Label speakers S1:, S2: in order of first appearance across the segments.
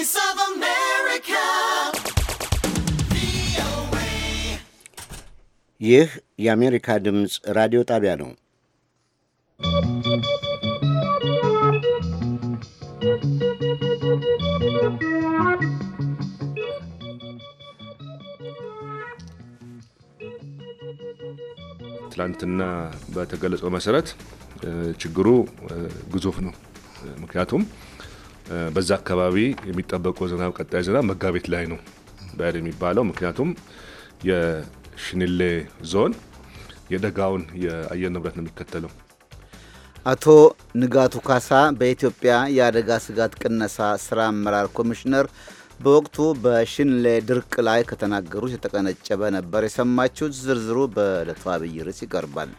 S1: Voice of America.
S2: ይህ የአሜሪካ ድምፅ ራዲዮ ጣቢያ ነው።
S1: ትላንትና በተገለጸው መሰረት ችግሩ ግዙፍ ነው። ምክንያቱም በዛ አካባቢ የሚጠበቀው ዝናብ ቀጣይ ዝናብ መጋቢት ላይ ነው በር የሚባለው ምክንያቱም የሽንሌ ዞን የደጋውን የአየር ንብረት ነው የሚከተለው።
S3: አቶ ንጋቱ ካሳ በኢትዮጵያ የአደጋ ስጋት ቅነሳ ስራ አመራር ኮሚሽነር በወቅቱ በሽንሌ ድርቅ ላይ ከተናገሩት የተቀነጨበ
S2: ነበር የሰማችሁት። ዝርዝሩ በዕለቱ አብይ ርዕስ ይቀርባል።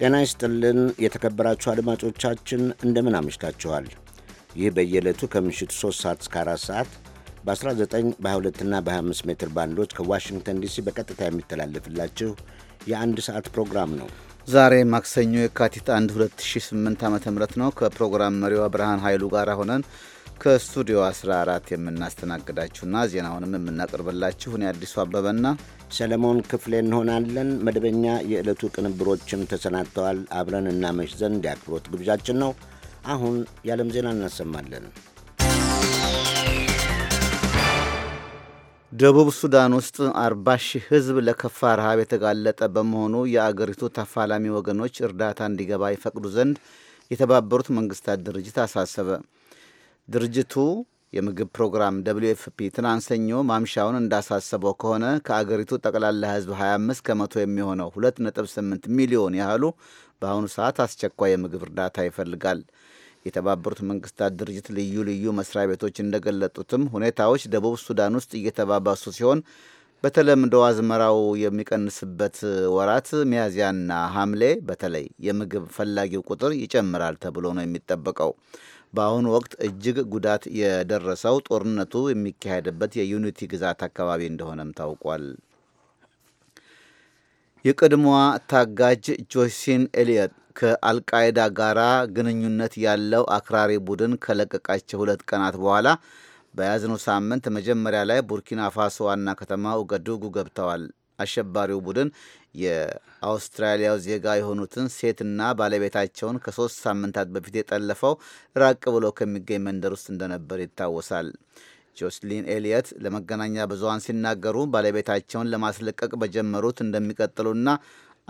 S2: ጤና ይስጥልን የተከበራችሁ አድማጮቻችን እንደምን አምሽታችኋል? ይህ በየዕለቱ ከምሽቱ 3 ሰዓት እስከ 4 ሰዓት በ19 በ22ና በ25 ሜትር ባንዶች ከዋሽንግተን ዲሲ በቀጥታ የሚተላለፍላችሁ የአንድ ሰዓት ፕሮግራም ነው። ዛሬ ማክሰኞ የካቲት 1
S3: 2008 ዓ ም ነው። ከፕሮግራም መሪዋ ብርሃን ኃይሉ ጋር ሆነን ከስቱዲዮ
S2: 14 የምናስተናግዳችሁና ዜናውንም የምናቀርብላችሁ እኔ አዲሱ አበበና ሰለሞን ክፍሌ እንሆናለን። መደበኛ የዕለቱ ቅንብሮችም ተሰናድተዋል። አብረን እናመሽ ዘንድ የአክብሮት ግብዣችን ነው። አሁን የዓለም ዜና እናሰማለን። ደቡብ ሱዳን ውስጥ 40 ሺህ ሕዝብ
S3: ለከፋ ረሃብ የተጋለጠ በመሆኑ የአገሪቱ ተፋላሚ ወገኖች እርዳታ እንዲገባ ይፈቅዱ ዘንድ የተባበሩት መንግስታት ድርጅት አሳሰበ። ድርጅቱ የምግብ ፕሮግራም ደብሊው ኤፍፒ ትናንት ሰኞ ማምሻውን እንዳሳሰበው ከሆነ ከአገሪቱ ጠቅላላ ሕዝብ 25 ከመቶ የሚሆነው 2.8 ሚሊዮን ያህሉ በአሁኑ ሰዓት አስቸኳይ የምግብ እርዳታ ይፈልጋል። የተባበሩት መንግስታት ድርጅት ልዩ ልዩ መስሪያ ቤቶች እንደገለጡትም ሁኔታዎች ደቡብ ሱዳን ውስጥ እየተባባሱ ሲሆን በተለምዶ አዝመራው የሚቀንስበት ወራት ሚያዝያና ሐምሌ በተለይ የምግብ ፈላጊው ቁጥር ይጨምራል ተብሎ ነው የሚጠበቀው። በአሁኑ ወቅት እጅግ ጉዳት የደረሰው ጦርነቱ የሚካሄድበት የዩኒቲ ግዛት አካባቢ እንደሆነም ታውቋል። የቀድሞዋ ታጋጅ ጆሲን ኤሊየት ከአልቃይዳ ጋር ግንኙነት ያለው አክራሪ ቡድን ከለቀቃቸው ሁለት ቀናት በኋላ በያዝነው ሳምንት መጀመሪያ ላይ ቡርኪና ፋሶ ዋና ከተማ ኡገዱጉ ገብተዋል። አሸባሪው ቡድን የአውስትራሊያው ዜጋ የሆኑትን ሴትና ባለቤታቸውን ከሶስት ሳምንታት በፊት የጠለፈው ራቅ ብሎ ከሚገኝ መንደር ውስጥ እንደነበር ይታወሳል። ጆስሊን ኤልየት ለመገናኛ ብዙሃን ሲናገሩ ባለቤታቸውን ለማስለቀቅ በጀመሩት እንደሚቀጥሉና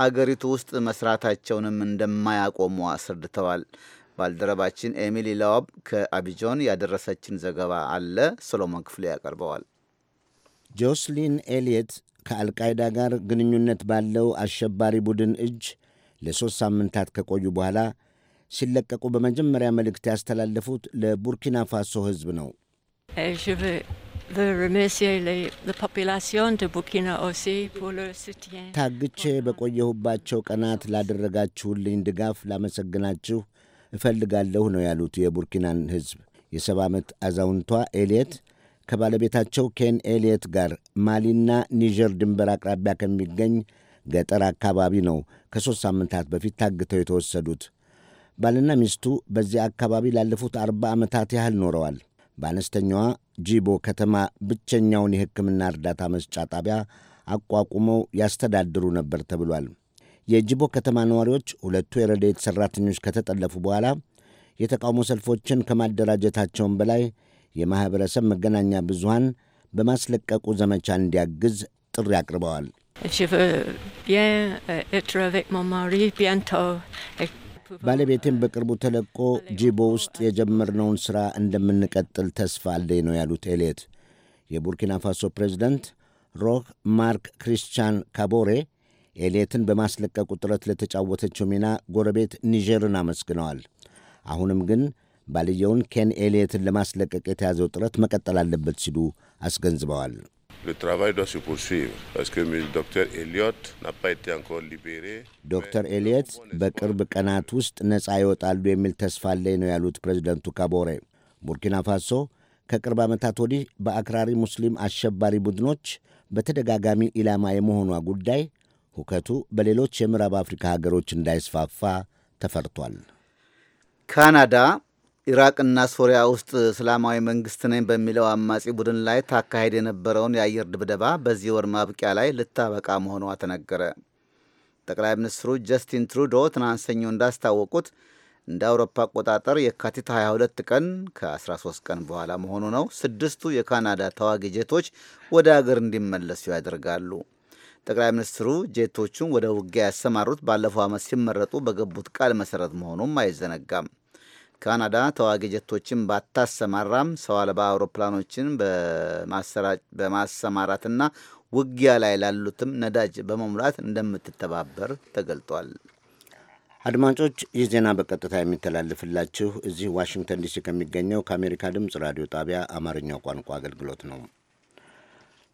S3: አገሪቱ ውስጥ መስራታቸውንም እንደማያቆሙ አስረድተዋል። ባልደረባችን ኤሚሊ ላዋብ ከአቢጆን ያደረሰችን ዘገባ አለ። ሶሎሞን ክፍሌ ያቀርበዋል።
S2: ጆስሊን ኤልየት ከአልቃይዳ ጋር ግንኙነት ባለው አሸባሪ ቡድን እጅ ለሦስት ሳምንታት ከቆዩ በኋላ ሲለቀቁ በመጀመሪያ መልእክት ያስተላለፉት ለቡርኪና ፋሶ ሕዝብ ነው። ታግቼ በቆየሁባቸው ቀናት ላደረጋችሁልኝ ድጋፍ ላመሰግናችሁ እፈልጋለሁ ነው ያሉት የቡርኪናን ሕዝብ የሰባ ዓመት አዛውንቷ ኤልየት ከባለቤታቸው ኬን ኤልየት ጋር ማሊና ኒጀር ድንበር አቅራቢያ ከሚገኝ ገጠር አካባቢ ነው ከሦስት ሳምንታት በፊት ታግተው የተወሰዱት። ባልና ሚስቱ በዚያ አካባቢ ላለፉት አርባ ዓመታት ያህል ኖረዋል። በአነስተኛዋ ጂቦ ከተማ ብቸኛውን የሕክምና እርዳታ መስጫ ጣቢያ አቋቁመው ያስተዳድሩ ነበር ተብሏል። የጂቦ ከተማ ነዋሪዎች ሁለቱ የረድኤት ሠራተኞች ከተጠለፉ በኋላ የተቃውሞ ሰልፎችን ከማደራጀታቸውም በላይ የማኅበረሰብ መገናኛ ብዙሃን በማስለቀቁ ዘመቻ እንዲያግዝ ጥሪ አቅርበዋል። euh, ባለቤቴም በቅርቡ ተለቆ ጂቦ ውስጥ የጀመርነውን ሥራ እንደምንቀጥል ተስፋ አለኝ ነው ያሉት ኤሌት። የቡርኪና ፋሶ ፕሬዚደንት ሮክ ማርክ ክሪስቲያን ካቦሬ ኤሌትን በማስለቀቁ ጥረት ለተጫወተችው ሚና ጎረቤት ኒጀርን አመስግነዋል። አሁንም ግን ባልየውን ኬን ኤልየትን ለማስለቀቅ የተያዘው ጥረት መቀጠል አለበት ሲሉ አስገንዝበዋል። ዶክተር ኤልየት በቅርብ ቀናት ውስጥ ነፃ ይወጣሉ የሚል ተስፋ አለኝ ነው ያሉት ፕሬዚደንቱ ካቦሬ። ቡርኪና ፋሶ ከቅርብ ዓመታት ወዲህ በአክራሪ ሙስሊም አሸባሪ ቡድኖች በተደጋጋሚ ኢላማ የመሆኗ ጉዳይ ሁከቱ በሌሎች የምዕራብ አፍሪካ ሀገሮች እንዳይስፋፋ ተፈርቷል።
S3: ካናዳ ኢራቅና ሶሪያ ውስጥ እስላማዊ መንግስት ነኝ በሚለው አማጺ ቡድን ላይ ታካሄድ የነበረውን የአየር ድብደባ በዚህ ወር ማብቂያ ላይ ልታበቃ መሆኗ ተነገረ። ጠቅላይ ሚኒስትሩ ጀስቲን ትሩዶ ትናንት ሰኞ እንዳስታወቁት እንደ አውሮፓ አቆጣጠር የካቲት 22 ቀን ከ13 ቀን በኋላ መሆኑ ነው። ስድስቱ የካናዳ ተዋጊ ጄቶች ወደ አገር እንዲመለሱ ያደርጋሉ። ጠቅላይ ሚኒስትሩ ጄቶቹን ወደ ውጊያ ያሰማሩት ባለፈው ዓመት ሲመረጡ በገቡት ቃል መሰረት መሆኑም አይዘነጋም። ካናዳ ተዋጊ ጀቶችን ባታሰማራም ሰው አልባ አውሮፕላኖችን በማሰማራትና ውጊያ ላይ ላሉትም ነዳጅ በመሙላት እንደምትተባበር ተገልጧል።
S2: አድማጮች ይህ ዜና በቀጥታ የሚተላለፍላችሁ እዚህ ዋሽንግተን ዲሲ ከሚገኘው ከአሜሪካ ድምፅ ራዲዮ ጣቢያ አማርኛው ቋንቋ አገልግሎት ነው።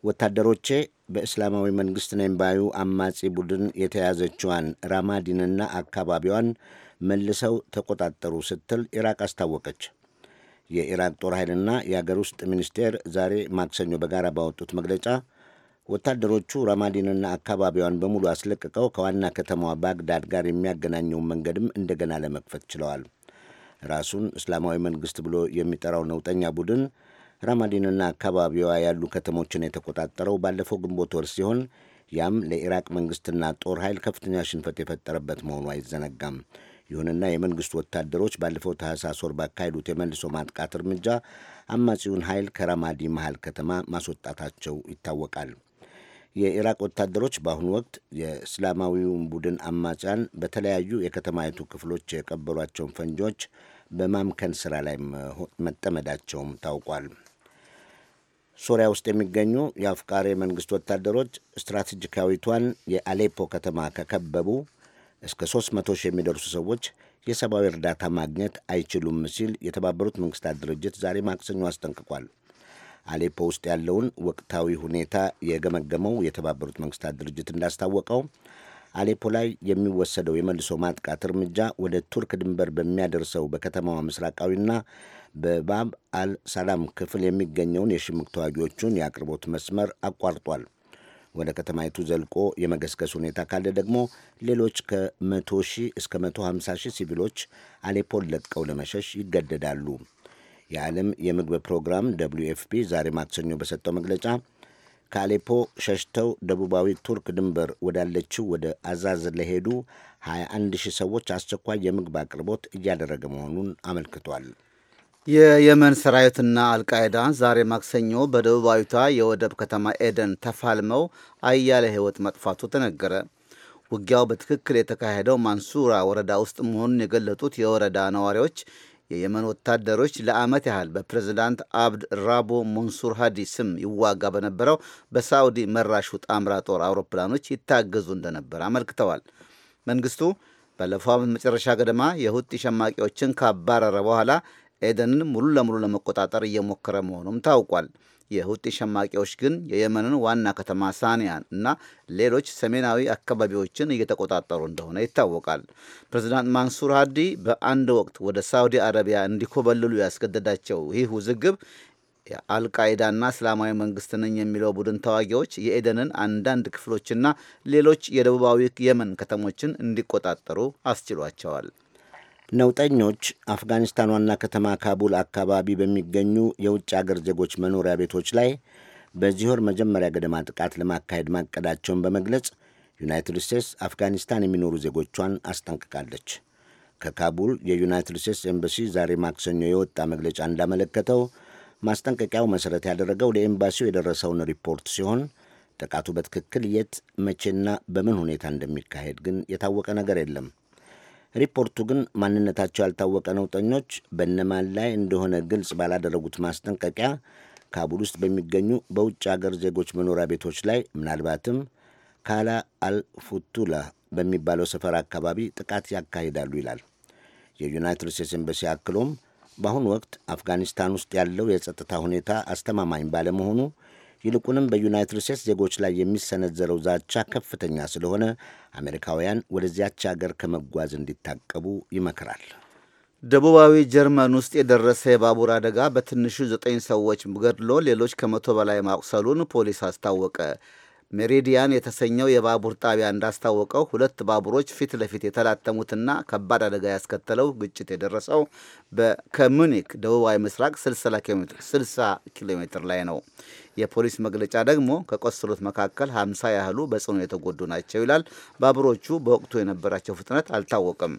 S2: ወታደሮቼ በእስላማዊ መንግሥት ነኝ ባዩ አማጺ ቡድን የተያዘችዋን ራማዲንና አካባቢዋን መልሰው ተቆጣጠሩ ስትል ኢራቅ አስታወቀች። የኢራቅ ጦር ኃይልና የአገር ውስጥ ሚኒስቴር ዛሬ ማክሰኞ በጋራ ባወጡት መግለጫ ወታደሮቹ ረማዲንና አካባቢዋን በሙሉ አስለቅቀው ከዋና ከተማዋ ባግዳድ ጋር የሚያገናኘውን መንገድም እንደገና ለመክፈት ችለዋል። ራሱን እስላማዊ መንግስት ብሎ የሚጠራው ነውጠኛ ቡድን ራማዲንና አካባቢዋ ያሉ ከተሞችን የተቆጣጠረው ባለፈው ግንቦት ወር ሲሆን ያም ለኢራቅ መንግስትና ጦር ኃይል ከፍተኛ ሽንፈት የፈጠረበት መሆኑ አይዘነጋም። ይሁንና የመንግስቱ ወታደሮች ባለፈው ታህሳስ ወር ባካሄዱት የመልሶ ማጥቃት እርምጃ አማጺውን ኃይል ከረማዲ መሃል ከተማ ማስወጣታቸው ይታወቃል። የኢራቅ ወታደሮች በአሁኑ ወቅት የእስላማዊውን ቡድን አማጺያን በተለያዩ የከተማይቱ ክፍሎች የቀበሯቸውን ፈንጂዎች በማምከን ስራ ላይ መጠመዳቸውም ታውቋል። ሶሪያ ውስጥ የሚገኙ የአፍቃሪ መንግስት ወታደሮች ስትራቴጂካዊቷን የአሌፖ ከተማ ከከበቡ እስከ 300 ሺህ የሚደርሱ ሰዎች የሰብአዊ እርዳታ ማግኘት አይችሉም ሲል የተባበሩት መንግስታት ድርጅት ዛሬ ማክሰኞ አስጠንቅቋል። አሌፖ ውስጥ ያለውን ወቅታዊ ሁኔታ የገመገመው የተባበሩት መንግስታት ድርጅት እንዳስታወቀው አሌፖ ላይ የሚወሰደው የመልሶ ማጥቃት እርምጃ ወደ ቱርክ ድንበር በሚያደርሰው በከተማዋ ምስራቃዊና በባብ አል ሰላም ክፍል የሚገኘውን የሽምቅ ተዋጊዎቹን የአቅርቦት መስመር አቋርጧል። ወደ ከተማይቱ ዘልቆ የመገስገስ ሁኔታ ካለ ደግሞ ሌሎች ከመቶ ሺህ እስከ መቶ ሀምሳ ሺህ ሲቪሎች አሌፖን ለቀው ለመሸሽ ይገደዳሉ። የዓለም የምግብ ፕሮግራም ደብሊዩ ኤፍ ፒ ዛሬ ማክሰኞ በሰጠው መግለጫ ከአሌፖ ሸሽተው ደቡባዊ ቱርክ ድንበር ወዳለችው ወደ አዛዝ ለሄዱ 21 ሺህ ሰዎች አስቸኳይ የምግብ አቅርቦት እያደረገ መሆኑን አመልክቷል።
S3: የየመን ሰራዊትና አልቃይዳ ዛሬ ማክሰኞ በደቡባዊቷ የወደብ ከተማ ኤደን ተፋልመው አያሌ ሕይወት መጥፋቱ ተነገረ። ውጊያው በትክክል የተካሄደው ማንሱራ ወረዳ ውስጥ መሆኑን የገለጡት የወረዳ ነዋሪዎች የየመን ወታደሮች ለዓመት ያህል በፕሬዝዳንት አብድ ራቦ መንሱር ሃዲ ስም ይዋጋ በነበረው በሳዑዲ መራሹ ጣምራ ጦር አውሮፕላኖች ይታገዙ እንደነበር አመልክተዋል። መንግስቱ ባለፈው ዓመት መጨረሻ ገደማ የሁጢ ሸማቂዎችን ካባረረ በኋላ ኤደንን ሙሉ ለሙሉ ለመቆጣጠር እየሞከረ መሆኑም ታውቋል። የሁቲ ሸማቂዎች ግን የየመንን ዋና ከተማ ሳንያን እና ሌሎች ሰሜናዊ አካባቢዎችን እየተቆጣጠሩ እንደሆነ ይታወቃል። ፕሬዚዳንት ማንሱር ሀዲ በአንድ ወቅት ወደ ሳውዲ አረቢያ እንዲኮበልሉ ያስገደዳቸው ይህ ውዝግብ የአልቃይዳና እስላማዊ መንግስት ነኝ የሚለው ቡድን ተዋጊዎች የኤደንን አንዳንድ ክፍሎችና ሌሎች የደቡባዊ የመን ከተሞችን እንዲቆጣጠሩ አስችሏቸዋል።
S2: ነውጠኞች አፍጋኒስታን ዋና ከተማ ካቡል አካባቢ በሚገኙ የውጭ አገር ዜጎች መኖሪያ ቤቶች ላይ በዚህ ወር መጀመሪያ ገደማ ጥቃት ለማካሄድ ማቀዳቸውን በመግለጽ ዩናይትድ ስቴትስ አፍጋኒስታን የሚኖሩ ዜጎቿን አስጠንቅቃለች። ከካቡል የዩናይትድ ስቴትስ ኤምባሲ ዛሬ ማክሰኞ የወጣ መግለጫ እንዳመለከተው ማስጠንቀቂያው መሠረት ያደረገው ለኤምባሲው የደረሰውን ሪፖርት ሲሆን ጥቃቱ በትክክል የት መቼና በምን ሁኔታ እንደሚካሄድ ግን የታወቀ ነገር የለም። ሪፖርቱ ግን ማንነታቸው ያልታወቀ ነውጠኞች በእነማን ላይ እንደሆነ ግልጽ ባላደረጉት ማስጠንቀቂያ ካቡል ውስጥ በሚገኙ በውጭ አገር ዜጎች መኖሪያ ቤቶች ላይ ምናልባትም ካላ አልፉቱላ በሚባለው ሰፈር አካባቢ ጥቃት ያካሂዳሉ ይላል። የዩናይትድ ስቴትስ ኤምበሲ አክሎም በአሁኑ ወቅት አፍጋኒስታን ውስጥ ያለው የጸጥታ ሁኔታ አስተማማኝ ባለመሆኑ ይልቁንም በዩናይትድ ስቴትስ ዜጎች ላይ የሚሰነዘረው ዛቻ ከፍተኛ ስለሆነ አሜሪካውያን ወደዚያች አገር ከመጓዝ እንዲታቀቡ ይመክራል። ደቡባዊ ጀርመን ውስጥ የደረሰ የባቡር አደጋ በትንሹ ዘጠኝ ሰዎች
S3: ገድሎ ሌሎች ከመቶ በላይ ማቁሰሉን ፖሊስ አስታወቀ። ሜሪዲያን የተሰኘው የባቡር ጣቢያ እንዳስታወቀው ሁለት ባቡሮች ፊት ለፊት የተላተሙትና ከባድ አደጋ ያስከተለው ግጭት የደረሰው ከሙኒክ ደቡባዊ ምስራቅ 60 ኪሎ ሜትር ላይ ነው። የፖሊስ መግለጫ ደግሞ ከቆሰሉት መካከል 50 ያህሉ በጽኑ የተጎዱ ናቸው ይላል። ባቡሮቹ በወቅቱ የነበራቸው ፍጥነት አልታወቅም።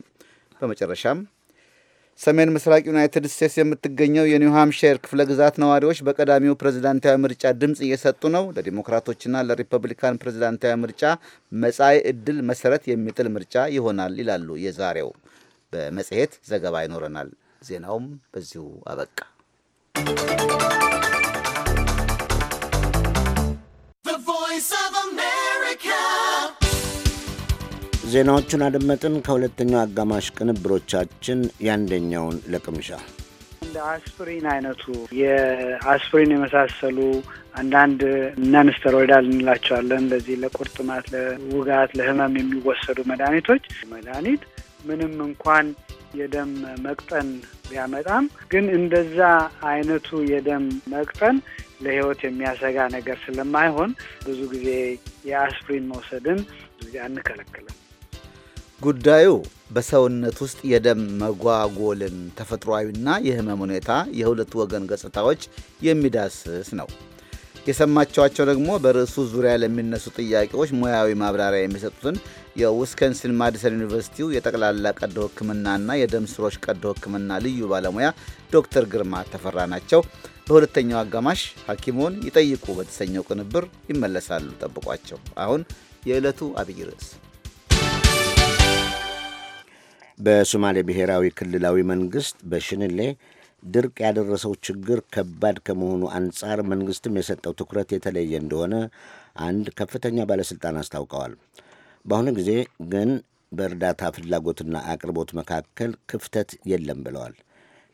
S3: በመጨረሻም ሰሜን ምስራቅ ዩናይትድ ስቴትስ የምትገኘው የኒው ክፍለ ግዛት ነዋሪዎች በቀዳሚው ፕሬዝዳንታዊ ምርጫ ድምፅ እየሰጡ ነው። ለዲሞክራቶችና ለሪፐብሊካን ፕሬዝዳንታዊ ምርጫ መጻኢ ዕድል መሰረት የሚጥል ምርጫ ይሆናል ይላሉ። የዛሬው በመጽሔት ዘገባ ይኖረናል። ዜናውም በዚሁ አበቃ።
S1: ቮይስ ኦፍ አሜሪካ
S2: ዜናዎቹን አደመጥን። ከሁለተኛው አጋማሽ ቅንብሮቻችን የአንደኛውን ለቅምሻ
S4: እንደ አስፕሪን አይነቱ የአስፕሪን የመሳሰሉ አንዳንድ ነን ስተሮይዳል እንላቸዋለን ለዚህ ለቁርጥማት፣ ለውጋት፣ ለህመም የሚወሰዱ መድኃኒቶች መድኃኒት ምንም እንኳን የደም መቅጠን ቢያመጣም ግን እንደዛ አይነቱ የደም መቅጠን ለህይወት የሚያሰጋ ነገር ስለማይሆን ብዙ ጊዜ የአስፕሪን መውሰድን አንከለክልም።
S3: ጉዳዩ በሰውነት ውስጥ የደም መጓጎልን ተፈጥሯዊና የህመም ሁኔታ የሁለቱ ወገን ገጽታዎች የሚዳስስ ነው። የሰማችኋቸው ደግሞ በርዕሱ ዙሪያ ለሚነሱ ጥያቄዎች ሙያዊ ማብራሪያ የሚሰጡትን የዊስከንሲን ማዲሰን ዩኒቨርሲቲው የጠቅላላ ቀዶ ህክምናና የደም ስሮች ቀዶ ህክምና ልዩ ባለሙያ ዶክተር ግርማ ተፈራ ናቸው። በሁለተኛው አጋማሽ ሐኪሙን ይጠይቁ በተሰኘው ቅንብር ይመለሳሉ። ጠብቋቸው። አሁን የዕለቱ አብይ ርዕስ
S2: በሶማሌ ብሔራዊ ክልላዊ መንግስት በሽንሌ ድርቅ ያደረሰው ችግር ከባድ ከመሆኑ አንጻር መንግስትም የሰጠው ትኩረት የተለየ እንደሆነ አንድ ከፍተኛ ባለሥልጣን አስታውቀዋል። በአሁኑ ጊዜ ግን በእርዳታ ፍላጎትና አቅርቦት መካከል ክፍተት የለም ብለዋል።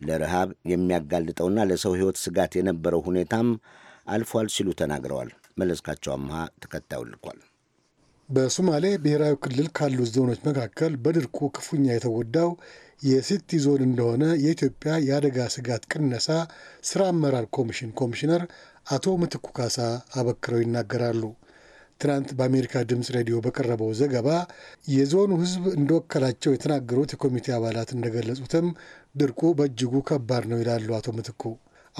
S2: ለረሃብ የሚያጋልጠውና ለሰው ሕይወት ስጋት የነበረው ሁኔታም አልፏል ሲሉ ተናግረዋል። መለስካቸው አምሃ ተከታዩ ልኳል።
S5: በሶማሌ ብሔራዊ ክልል ካሉት ዞኖች መካከል በድርቁ ክፉኛ የተጎዳው የሲቲ ዞን እንደሆነ የኢትዮጵያ የአደጋ ስጋት ቅነሳ ስራ አመራር ኮሚሽን ኮሚሽነር አቶ ምትኩ ካሳ አበክረው ይናገራሉ። ትናንት በአሜሪካ ድምፅ ሬዲዮ በቀረበው ዘገባ የዞኑ ሕዝብ እንደወከላቸው የተናገሩት የኮሚቴ አባላት እንደገለጹትም ድርቁ በእጅጉ ከባድ ነው ይላሉ አቶ ምትኩ።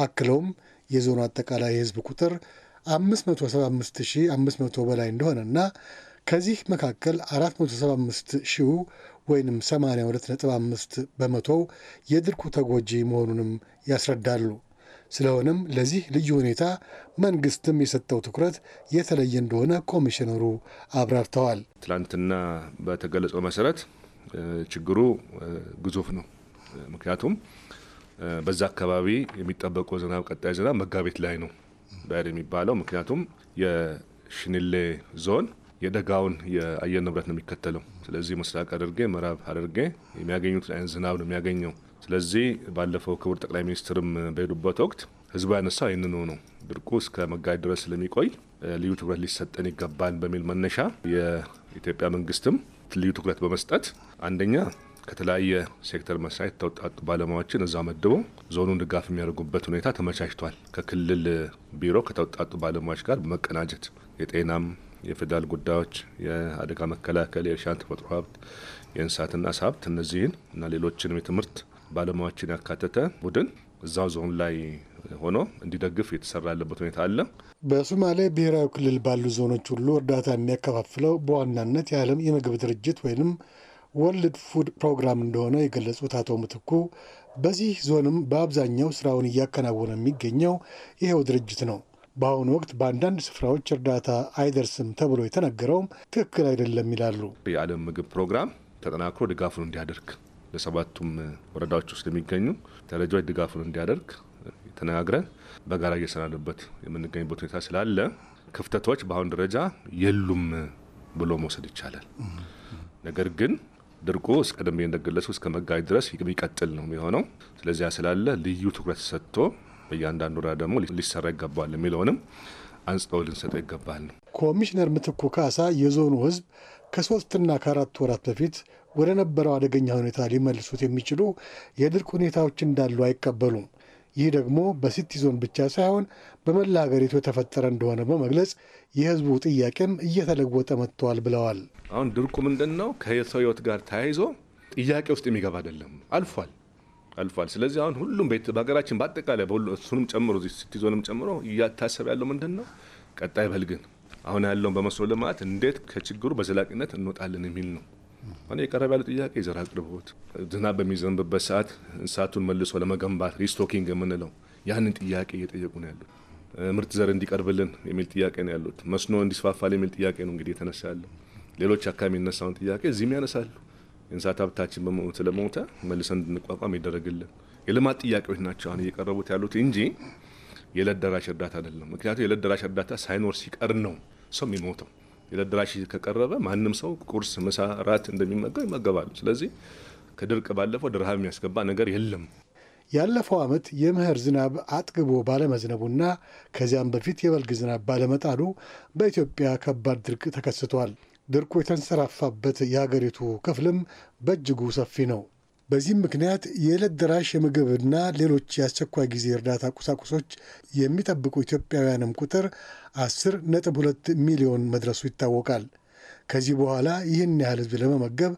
S5: አክለውም የዞኑ አጠቃላይ የሕዝብ ቁጥር 575500 በላይ እንደሆነና ከዚህ መካከል 475 ሺሁ ወይም 82.5 በመቶው የድርቁ ተጎጂ መሆኑንም ያስረዳሉ። ስለሆነም ለዚህ ልዩ ሁኔታ መንግስትም የሰጠው ትኩረት የተለየ እንደሆነ ኮሚሽነሩ አብራርተዋል።
S1: ትላንትና በተገለጸው መሰረት ችግሩ ግዙፍ ነው። ምክንያቱም በዛ አካባቢ የሚጠበቀው ዝናብ ቀጣይ ዝናብ መጋቢት ላይ ነው በር የሚባለው ምክንያቱም የሽንሌ ዞን የደጋውን የአየር ንብረት ነው የሚከተለው። ስለዚህ ምስራቅ አድርጌ ምዕራብ አድርጌ የሚያገኙትን አይነት ዝናብ ነው የሚያገኘው። ስለዚህ ባለፈው ክቡር ጠቅላይ ሚኒስትርም በሄዱበት ወቅት ህዝቡ ያነሳው ይህንኑ ነው። ድርቁ እስከ መጋቢት ድረስ ስለሚቆይ ልዩ ትኩረት ሊሰጠን ይገባል በሚል መነሻ የኢትዮጵያ መንግስትም ልዩ ትኩረት በመስጠት አንደኛ ከተለያየ ሴክተር መስሪያ የተውጣጡ ባለሙያዎችን እዛ መድቦ ዞኑን ድጋፍ የሚያደርጉበት ሁኔታ ተመቻችቷል። ከክልል ቢሮ ከተውጣጡ ባለሙያዎች ጋር በመቀናጀት የጤናም የፌዴራል ጉዳዮች፣ የአደጋ መከላከል፣ የእርሻን ተፈጥሮ ሀብት፣ የእንስሳትና አሳ ሀብት እነዚህን እና ሌሎችንም የትምህርት ባለሙያዎችን ያካተተ ቡድን እዛው ዞን ላይ ሆኖ እንዲደግፍ የተሰራ ያለበት ሁኔታ አለ።
S5: በሶማሌ ብሔራዊ ክልል ባሉ ዞኖች ሁሉ እርዳታ የሚያከፋፍለው በዋናነት የዓለም የምግብ ድርጅት ወይንም ወርልድ ፉድ ፕሮግራም እንደሆነ የገለጹት አቶ ምትኩ በዚህ ዞንም በአብዛኛው ስራውን እያከናወነ የሚገኘው ይኸው ድርጅት ነው። በአሁኑ ወቅት በአንዳንድ ስፍራዎች እርዳታ አይደርስም ተብሎ የተነገረውም ትክክል አይደለም ይላሉ።
S1: የዓለም ምግብ ፕሮግራም ተጠናክሮ ድጋፉን እንዲያደርግ ለሰባቱም ወረዳዎች ውስጥ የሚገኙ ተረጂዎች ድጋፉን እንዲያደርግ ተነጋግረን በጋራ እየሰራንበት የምንገኝበት ሁኔታ ስላለ ክፍተቶች በአሁኑ ደረጃ የሉም ብሎ መውሰድ ይቻላል። ነገር ግን ድርቁ እስቀደም እንደገለጽኩ እስከ መጋቢት ድረስ የሚቀጥል ነው የሚሆነው። ስለዚያ ስላለ ልዩ ትኩረት ሰጥቶ በእያንዳንዱ ራ ደግሞ ሊሰራ ይገባል የሚለውንም አንጽጠው ልንሰጠው ይገባል።
S5: ኮሚሽነር ምትኩ ካሳ የዞኑ ህዝብ ከሶስትና ከአራት ወራት በፊት ወደ ነበረው አደገኛ ሁኔታ ሊመልሱት የሚችሉ የድርቅ ሁኔታዎች እንዳሉ አይቀበሉም። ይህ ደግሞ በሲቲ ዞን ብቻ ሳይሆን በመላ ሀገሪቱ የተፈጠረ እንደሆነ በመግለጽ የህዝቡ ጥያቄም እየተለወጠ መጥተዋል ብለዋል።
S1: አሁን ድርቁ ምንድን ነው? ከሰው ህይወት ጋር ተያይዞ ጥያቄ ውስጥ የሚገባ አይደለም፣ አልፏል። አልፏል። ስለዚህ አሁን ሁሉም ቤት በሀገራችን በአጠቃላይ እሱንም ጨምሮ ሲቲዞንም ጨምሮ እያታሰብ ያለው ምንድን ነው ቀጣይ በልግን አሁን ያለውን በመስኖ ልማት እንዴት ከችግሩ በዘላቂነት እንወጣለን የሚል ነው። አሁን የቀረብ ያለው ጥያቄ የዘር አቅርቦት፣ ዝናብ በሚዘንብበት ሰዓት እንስሳቱን መልሶ ለመገንባት ሪስቶኪንግ የምንለው ያንን ጥያቄ እየጠየቁ ነው ያሉት። ምርት ዘር እንዲቀርብልን የሚል ጥያቄ ነው ያሉት። መስኖ እንዲስፋፋል የሚል ጥያቄ ነው እንግዲህ የተነሳ ያለው። ሌሎች አካባቢ የሚነሳውን ጥያቄ እዚህም ያነሳሉ። የእንስሳት ሀብታችን በመሞት ስለሞተ መልሰን እንድንቋቋም ይደረግልን። የልማት ጥያቄዎች ናቸው አሁን እየቀረቡት ያሉት እንጂ የዕለት ደራሽ እርዳታ አይደለም። ምክንያቱም የዕለት ደራሽ እርዳታ ሳይኖር ሲቀር ነው ሰው የሚሞተው። የዕለት ደራሽ ከቀረበ ማንም ሰው ቁርስ፣ ምሳ፣ ራት እንደሚመገብ ይመገባሉ። ስለዚህ ከድርቅ ባለፈው ድርሃብ የሚያስገባ ነገር የለም።
S5: ያለፈው ዓመት የምህር ዝናብ አጥግቦ ባለመዝነቡና ከዚያም በፊት የበልግ ዝናብ ባለመጣሉ በኢትዮጵያ ከባድ ድርቅ ተከስቷል። ድርቁ የተንሰራፋበት የአገሪቱ ክፍልም በእጅጉ ሰፊ ነው። በዚህም ምክንያት የዕለት ደራሽ የምግብና ሌሎች የአስቸኳይ ጊዜ እርዳታ ቁሳቁሶች የሚጠብቁ ኢትዮጵያውያንም ቁጥር 10 ነጥብ 2 ሚሊዮን መድረሱ ይታወቃል። ከዚህ በኋላ ይህን ያህል ህዝብ ለመመገብ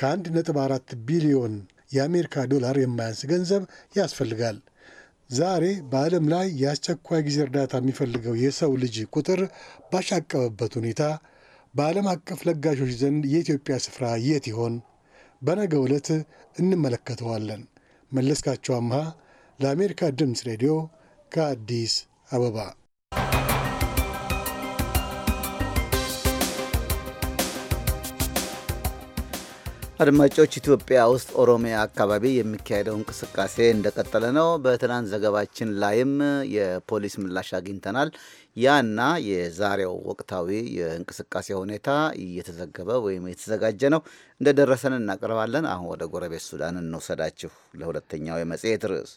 S5: ከ1 ነጥብ 4 ቢሊዮን የአሜሪካ ዶላር የማያንስ ገንዘብ ያስፈልጋል። ዛሬ በዓለም ላይ የአስቸኳይ ጊዜ እርዳታ የሚፈልገው የሰው ልጅ ቁጥር ባሻቀበበት ሁኔታ በዓለም አቀፍ ለጋሾች ዘንድ የኢትዮጵያ ስፍራ የት ይሆን? በነገ ዕለት እንመለከተዋለን። መለስካቸው አምሃ ለአሜሪካ ድምፅ ሬዲዮ ከአዲስ አበባ
S3: አድማጮች ኢትዮጵያ ውስጥ ኦሮሚያ አካባቢ የሚካሄደው እንቅስቃሴ እንደቀጠለ ነው። በትናንት ዘገባችን ላይም የፖሊስ ምላሽ አግኝተናል። ያና የዛሬው ወቅታዊ የእንቅስቃሴ ሁኔታ እየተዘገበ ወይም የተዘጋጀ ነው። እንደደረሰን እናቀርባለን። አሁን ወደ ጎረቤት ሱዳን እንውሰዳችሁ። ለሁለተኛው የመጽሔት ርዕስ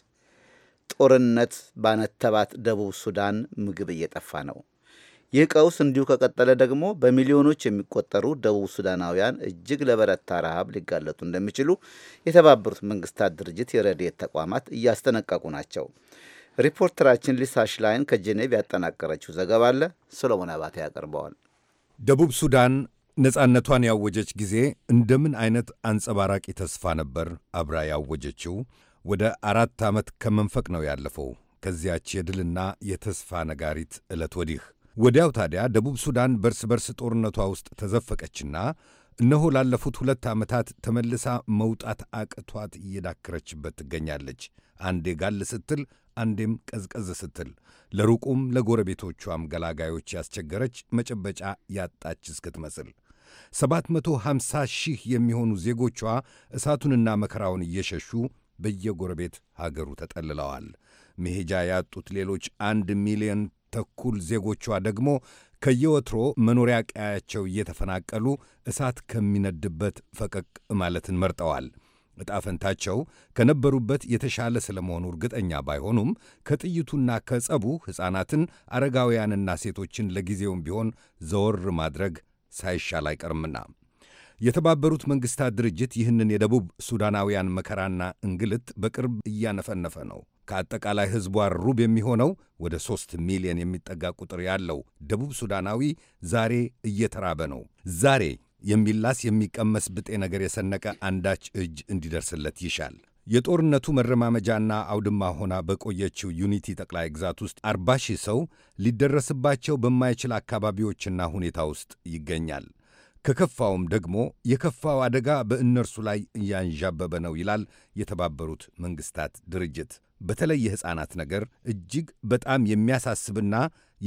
S3: ጦርነት ባነተባት ደቡብ ሱዳን ምግብ እየጠፋ ነው። ይህ ቀውስ እንዲሁ ከቀጠለ ደግሞ በሚሊዮኖች የሚቆጠሩ ደቡብ ሱዳናውያን እጅግ ለበረታ ረሃብ ሊጋለጡ እንደሚችሉ የተባበሩት መንግስታት ድርጅት የረድኤት ተቋማት እያስጠነቀቁ ናቸው። ሪፖርተራችን ሊሳ ሽላይን ከጄኔቭ ያጠናቀረችው ዘገባ አለ። ሰሎሞን አባቴ ያቀርበዋል።
S6: ደቡብ ሱዳን ነጻነቷን ያወጀች ጊዜ እንደምን አይነት አንጸባራቂ ተስፋ ነበር አብራ ያወጀችው። ወደ አራት ዓመት ከመንፈቅ ነው ያለፈው ከዚያች የድልና የተስፋ ነጋሪት ዕለት ወዲህ ወዲያው ታዲያ ደቡብ ሱዳን በርስ በርስ ጦርነቷ ውስጥ ተዘፈቀችና እነሆ ላለፉት ሁለት ዓመታት ተመልሳ መውጣት አቅቷት እየዳከረችበት ትገኛለች። አንዴ ጋል ስትል፣ አንዴም ቀዝቀዝ ስትል፣ ለሩቁም ለጎረቤቶቿም ገላጋዮች ያስቸገረች መጨበጫ ያጣች እስክትመስል 750 ሺህ የሚሆኑ ዜጎቿ እሳቱንና መከራውን እየሸሹ በየጎረቤት ሀገሩ ተጠልለዋል። መሄጃ ያጡት ሌሎች አንድ ሚሊዮን ተኩል ዜጎቿ ደግሞ ከየወትሮ መኖሪያ ቀያቸው እየተፈናቀሉ እሳት ከሚነድበት ፈቀቅ ማለትን መርጠዋል። ዕጣ ፈንታቸው ከነበሩበት የተሻለ ስለመሆኑ እርግጠኛ ባይሆኑም ከጥይቱና ከጸቡ ሕፃናትን፣ አረጋውያንና ሴቶችን ለጊዜውም ቢሆን ዘወር ማድረግ ሳይሻል አይቀርምና የተባበሩት መንግሥታት ድርጅት ይህንን የደቡብ ሱዳናውያን መከራና እንግልት በቅርብ እያነፈነፈ ነው። ከአጠቃላይ ሕዝቧ ሩብ የሚሆነው ወደ ሦስት ሚሊዮን የሚጠጋ ቁጥር ያለው ደቡብ ሱዳናዊ ዛሬ እየተራበ ነው። ዛሬ የሚላስ የሚቀመስ ብጤ ነገር የሰነቀ አንዳች እጅ እንዲደርስለት ይሻል። የጦርነቱ መረማመጃና አውድማ ሆና በቆየችው ዩኒቲ ጠቅላይ ግዛት ውስጥ አርባ ሺህ ሰው ሊደረስባቸው በማይችል አካባቢዎችና ሁኔታ ውስጥ ይገኛል። ከከፋውም ደግሞ የከፋው አደጋ በእነርሱ ላይ እያንዣበበ ነው ይላል የተባበሩት መንግሥታት ድርጅት። በተለይ የሕፃናት ነገር እጅግ በጣም የሚያሳስብና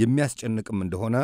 S6: የሚያስጨንቅም እንደሆነ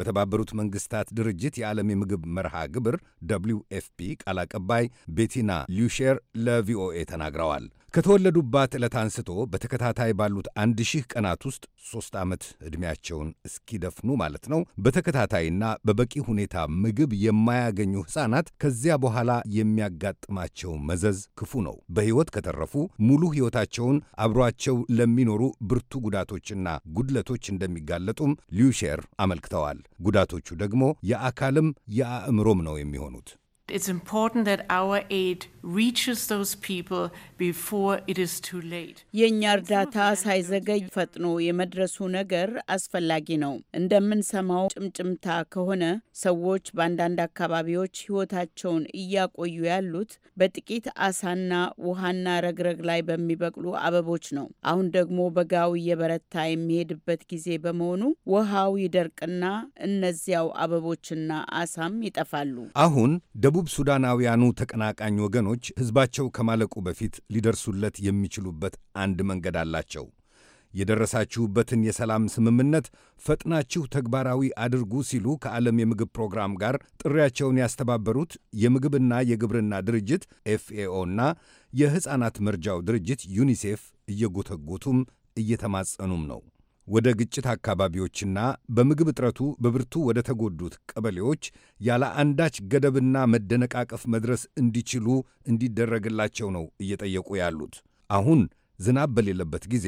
S6: በተባበሩት መንግሥታት ድርጅት የዓለም የምግብ መርሃ ግብር ደብሊው ኤፍፒ ቃል አቀባይ ቤቲና ሊሼር ለቪኦኤ ተናግረዋል። ከተወለዱባት ዕለት አንስቶ በተከታታይ ባሉት አንድ ሺህ ቀናት ውስጥ ሦስት ዓመት ዕድሜያቸውን እስኪደፍኑ ማለት ነው። በተከታታይና በበቂ ሁኔታ ምግብ የማያገኙ ሕፃናት ከዚያ በኋላ የሚያጋጥማቸው መዘዝ ክፉ ነው። በሕይወት ከተረፉ ሙሉ ሕይወታቸውን አብሯቸው ለሚኖሩ ብርቱ ጉዳቶችና ጉድለቶች እንደሚጋለጡም ሊዩሼር አመልክተዋል። ጉዳቶቹ ደግሞ የአካልም የአእምሮም ነው የሚሆኑት።
S7: it's important that our aid reaches those people before it is too late. የእኛ እርዳታ ሳይዘገይ ፈጥኖ የመድረሱ ነገር አስፈላጊ ነው። እንደምንሰማው ጭምጭምታ ከሆነ ሰዎች በአንዳንድ አካባቢዎች ሕይወታቸውን እያቆዩ ያሉት በጥቂት አሳና ውሃና ረግረግ ላይ በሚበቅሉ አበቦች ነው። አሁን ደግሞ በጋው እየበረታ የሚሄድበት ጊዜ በመሆኑ ውሃው ይደርቅና እነዚያው አበቦችና አሳም ይጠፋሉ።
S6: አሁን ደቡብ የደቡብ ሱዳናውያኑ ተቀናቃኝ ወገኖች ሕዝባቸው ከማለቁ በፊት ሊደርሱለት የሚችሉበት አንድ መንገድ አላቸው። የደረሳችሁበትን የሰላም ስምምነት ፈጥናችሁ ተግባራዊ አድርጉ ሲሉ ከዓለም የምግብ ፕሮግራም ጋር ጥሪያቸውን ያስተባበሩት የምግብና የግብርና ድርጅት ኤፍኤኦና የሕፃናት መርጃው ድርጅት ዩኒሴፍ እየጎተጎቱም እየተማጸኑም ነው። ወደ ግጭት አካባቢዎችና በምግብ እጥረቱ በብርቱ ወደ ተጎዱት ቀበሌዎች ያለ አንዳች ገደብና መደነቃቀፍ መድረስ እንዲችሉ እንዲደረግላቸው ነው እየጠየቁ ያሉት። አሁን ዝናብ በሌለበት ጊዜ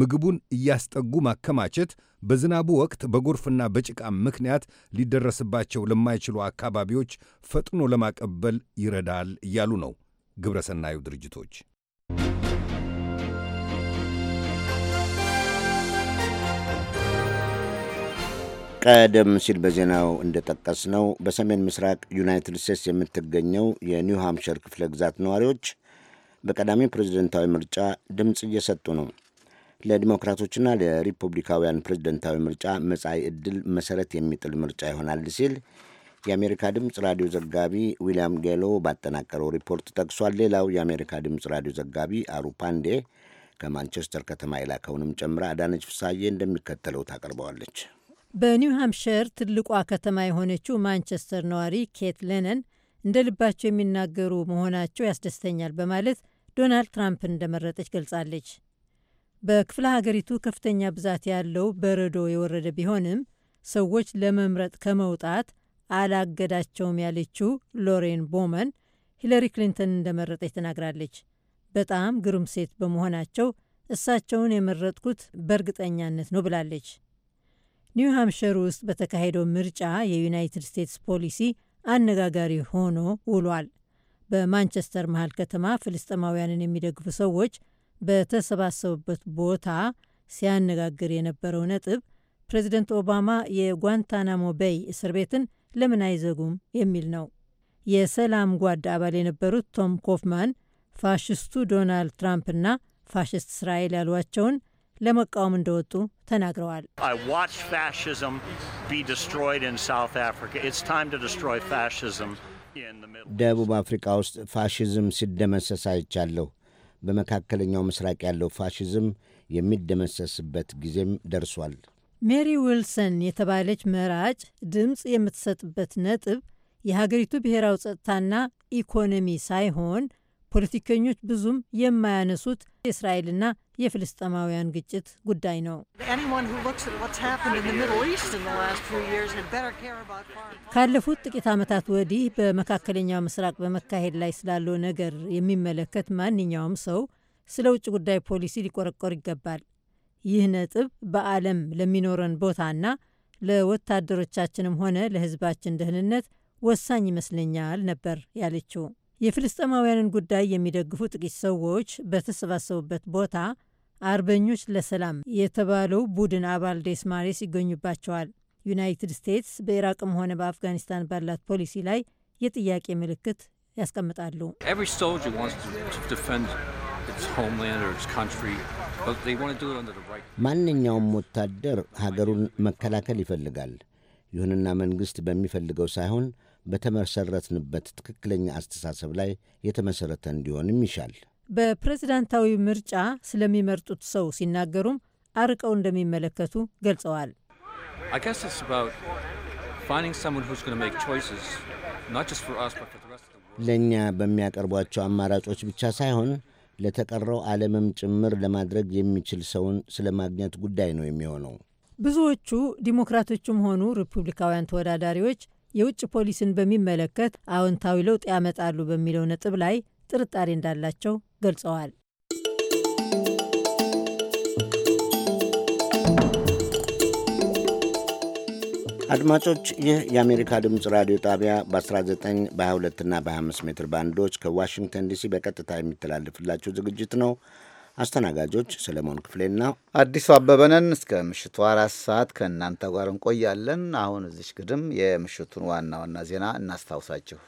S6: ምግቡን እያስጠጉ ማከማቸት በዝናቡ ወቅት በጎርፍና በጭቃም ምክንያት ሊደረስባቸው ለማይችሉ አካባቢዎች ፈጥኖ ለማቀበል ይረዳል እያሉ ነው ግብረሰናዩ ድርጅቶች።
S2: ቀደም ሲል በዜናው እንደጠቀስ ነው። በሰሜን ምስራቅ ዩናይትድ ስቴትስ የምትገኘው የኒው ሃምፕሸር ክፍለ ግዛት ነዋሪዎች በቀዳሚ ፕሬዝደንታዊ ምርጫ ድምፅ እየሰጡ ነው። ለዲሞክራቶችና ለሪፑብሊካውያን ፕሬዝደንታዊ ምርጫ መጻኢ ዕድል መሰረት የሚጥል ምርጫ ይሆናል ሲል የአሜሪካ ድምፅ ራዲዮ ዘጋቢ ዊልያም ጌሎ ባጠናቀረው ሪፖርት ጠቅሷል። ሌላው የአሜሪካ ድምፅ ራዲዮ ዘጋቢ አሩ ፓንዴ ከማንቸስተር ከተማ የላከውንም ጨምራ አዳነች ፍሳዬ እንደሚከተለው ታቀርበዋለች።
S8: በኒው ሃምፕሸር ትልቋ ከተማ የሆነችው ማንቸስተር ነዋሪ ኬት ሌነን እንደ ልባቸው የሚናገሩ መሆናቸው ያስደስተኛል በማለት ዶናልድ ትራምፕን እንደመረጠች ገልጻለች። በክፍለ ሀገሪቱ ከፍተኛ ብዛት ያለው በረዶ የወረደ ቢሆንም ሰዎች ለመምረጥ ከመውጣት አላገዳቸውም ያለችው ሎሬን ቦመን ሂለሪ ክሊንተን እንደመረጠች ተናግራለች። በጣም ግሩም ሴት በመሆናቸው እሳቸውን የመረጥኩት በእርግጠኛነት ነው ብላለች። ኒው ሃምሽር ውስጥ በተካሄደው ምርጫ የዩናይትድ ስቴትስ ፖሊሲ አነጋጋሪ ሆኖ ውሏል። በማንቸስተር መሃል ከተማ ፍልስጥማውያንን የሚደግፉ ሰዎች በተሰባሰቡበት ቦታ ሲያነጋግር የነበረው ነጥብ ፕሬዚደንት ኦባማ የጓንታናሞ ቤይ እስር ቤትን ለምን አይዘጉም የሚል ነው። የሰላም ጓድ አባል የነበሩት ቶም ኮፍማን ፋሽስቱ ዶናልድ ትራምፕና ፋሽስት እስራኤል ያሏቸውን ለመቃወም እንደወጡ ተናግረዋል።
S2: ደቡብ አፍሪካ ውስጥ ፋሽዝም ሲደመሰስ አይቻለሁ። በመካከለኛው ምስራቅ ያለው ፋሽዝም የሚደመሰስበት ጊዜም ደርሷል።
S8: ሜሪ ዊልሰን የተባለች መራጭ ድምፅ የምትሰጥበት ነጥብ የሀገሪቱ ብሔራዊ ጸጥታና ኢኮኖሚ ሳይሆን ፖለቲከኞች ብዙም የማያነሱት የእስራኤልና የፍልስጤማውያን ግጭት ጉዳይ ነው። ካለፉት ጥቂት ዓመታት ወዲህ በመካከለኛው ምስራቅ በመካሄድ ላይ ስላለው ነገር የሚመለከት ማንኛውም ሰው ስለ ውጭ ጉዳይ ፖሊሲ ሊቆረቆር ይገባል። ይህ ነጥብ በዓለም ለሚኖረን ቦታና ለወታደሮቻችንም ሆነ ለሕዝባችን ደህንነት ወሳኝ ይመስለኛል ነበር ያለችው። የፍልስጤማውያንን ጉዳይ የሚደግፉ ጥቂት ሰዎች በተሰባሰቡበት ቦታ አርበኞች ለሰላም የተባለው ቡድን አባል ዴስማሬስ ይገኙባቸዋል። ዩናይትድ ስቴትስ በኢራቅም ሆነ በአፍጋኒስታን ባላት ፖሊሲ ላይ የጥያቄ ምልክት ያስቀምጣሉ።
S2: ማንኛውም ወታደር ሀገሩን መከላከል ይፈልጋል። ይሁንና መንግሥት በሚፈልገው ሳይሆን በተመሰረትንበት ትክክለኛ አስተሳሰብ ላይ የተመሰረተ እንዲሆንም ይሻል።
S8: በፕሬዝዳንታዊ ምርጫ ስለሚመርጡት ሰው ሲናገሩም አርቀው እንደሚመለከቱ ገልጸዋል።
S2: ለእኛ በሚያቀርቧቸው አማራጮች ብቻ ሳይሆን ለተቀረው ዓለምም ጭምር ለማድረግ የሚችል ሰውን ስለ ማግኘት ጉዳይ ነው የሚሆነው።
S8: ብዙዎቹ ዲሞክራቶችም ሆኑ ሪፑብሊካውያን ተወዳዳሪዎች የውጭ ፖሊሲን በሚመለከት አዎንታዊ ለውጥ ያመጣሉ በሚለው ነጥብ ላይ ጥርጣሬ እንዳላቸው ገልጸዋል።
S2: አድማጮች ይህ የአሜሪካ ድምፅ ራዲዮ ጣቢያ በ19 በ22 እና በ25 ሜትር ባንዶች ከዋሽንግተን ዲሲ በቀጥታ የሚተላለፍላቸው ዝግጅት ነው። አስተናጋጆች ሰለሞን ክፍሌና አዲሱ አበበነን እስከ ምሽቱ
S3: አራት ሰዓት ከእናንተ ጋር እንቆያለን። አሁን እዚሽ ግድም የምሽቱን ዋና ዋና ዜና እናስታውሳችሁ።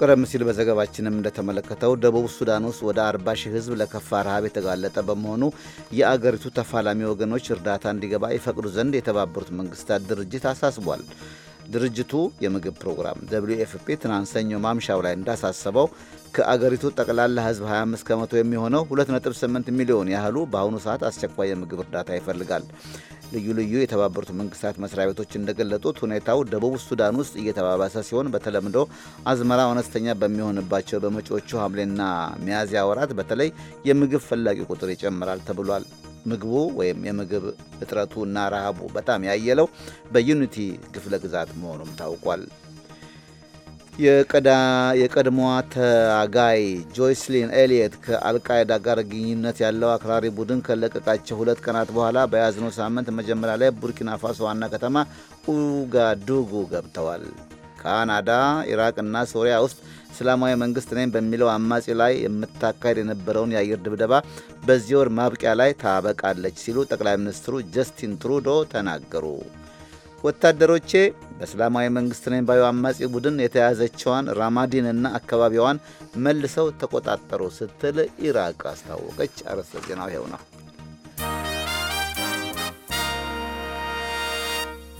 S3: ቀደም ሲል በዘገባችንም እንደተመለከተው ደቡብ ሱዳን ውስጥ ወደ 40 ሺህ ሕዝብ ለከፋ ረሃብ የተጋለጠ በመሆኑ የአገሪቱ ተፋላሚ ወገኖች እርዳታ እንዲገባ ይፈቅዱ ዘንድ የተባበሩት መንግስታት ድርጅት አሳስቧል። ድርጅቱ የምግብ ፕሮግራም ደብሊዩ ኤፍፒ ትናንት ሰኞ ማምሻው ላይ እንዳሳሰበው ከአገሪቱ ጠቅላላ ሕዝብ 25 ከመቶ የሚሆነው 2.8 ሚሊዮን ያህሉ በአሁኑ ሰዓት አስቸኳይ የምግብ እርዳታ ይፈልጋል። ልዩ ልዩ የተባበሩት መንግስታት መስሪያ ቤቶች እንደገለጡት ሁኔታው ደቡብ ሱዳን ውስጥ እየተባባሰ ሲሆን በተለምዶ አዝመራ አነስተኛ በሚሆንባቸው በመጪዎቹ ሐምሌና ሚያዝያ ወራት በተለይ የምግብ ፈላጊ ቁጥር ይጨምራል ተብሏል። ምግቡ ወይም የምግብ እጥረቱ እና ረሃቡ በጣም ያየለው በዩኒቲ ክፍለ ግዛት መሆኑም ታውቋል። የቀድሞዋ ተጋይ ጆይስሊን ኤሊየት ከአልቃይዳ ጋር ግንኙነት ያለው አክራሪ ቡድን ከለቀቃቸው ሁለት ቀናት በኋላ በያዝነው ሳምንት መጀመሪያ ላይ ቡርኪና ፋሶ ዋና ከተማ ኡጋዱጉ ገብተዋል። ካናዳ፣ ኢራቅና ሶሪያ ውስጥ እስላማዊ መንግስት ነኝ በሚለው አማጺ ላይ የምታካሄድ የነበረውን የአየር ድብደባ በዚህ ወር ማብቂያ ላይ ታበቃለች ሲሉ ጠቅላይ ሚኒስትሩ ጀስቲን ትሩዶ ተናገሩ። ወታደሮቼ በእስላማዊ መንግስት ነኝ ባዩ አማጺ ቡድን የተያዘችዋን ራማዲንና አካባቢዋን መልሰው ተቆጣጠሩ ስትል ኢራቅ አስታወቀች። አርዕስተ ዜናው ይኸው ነው።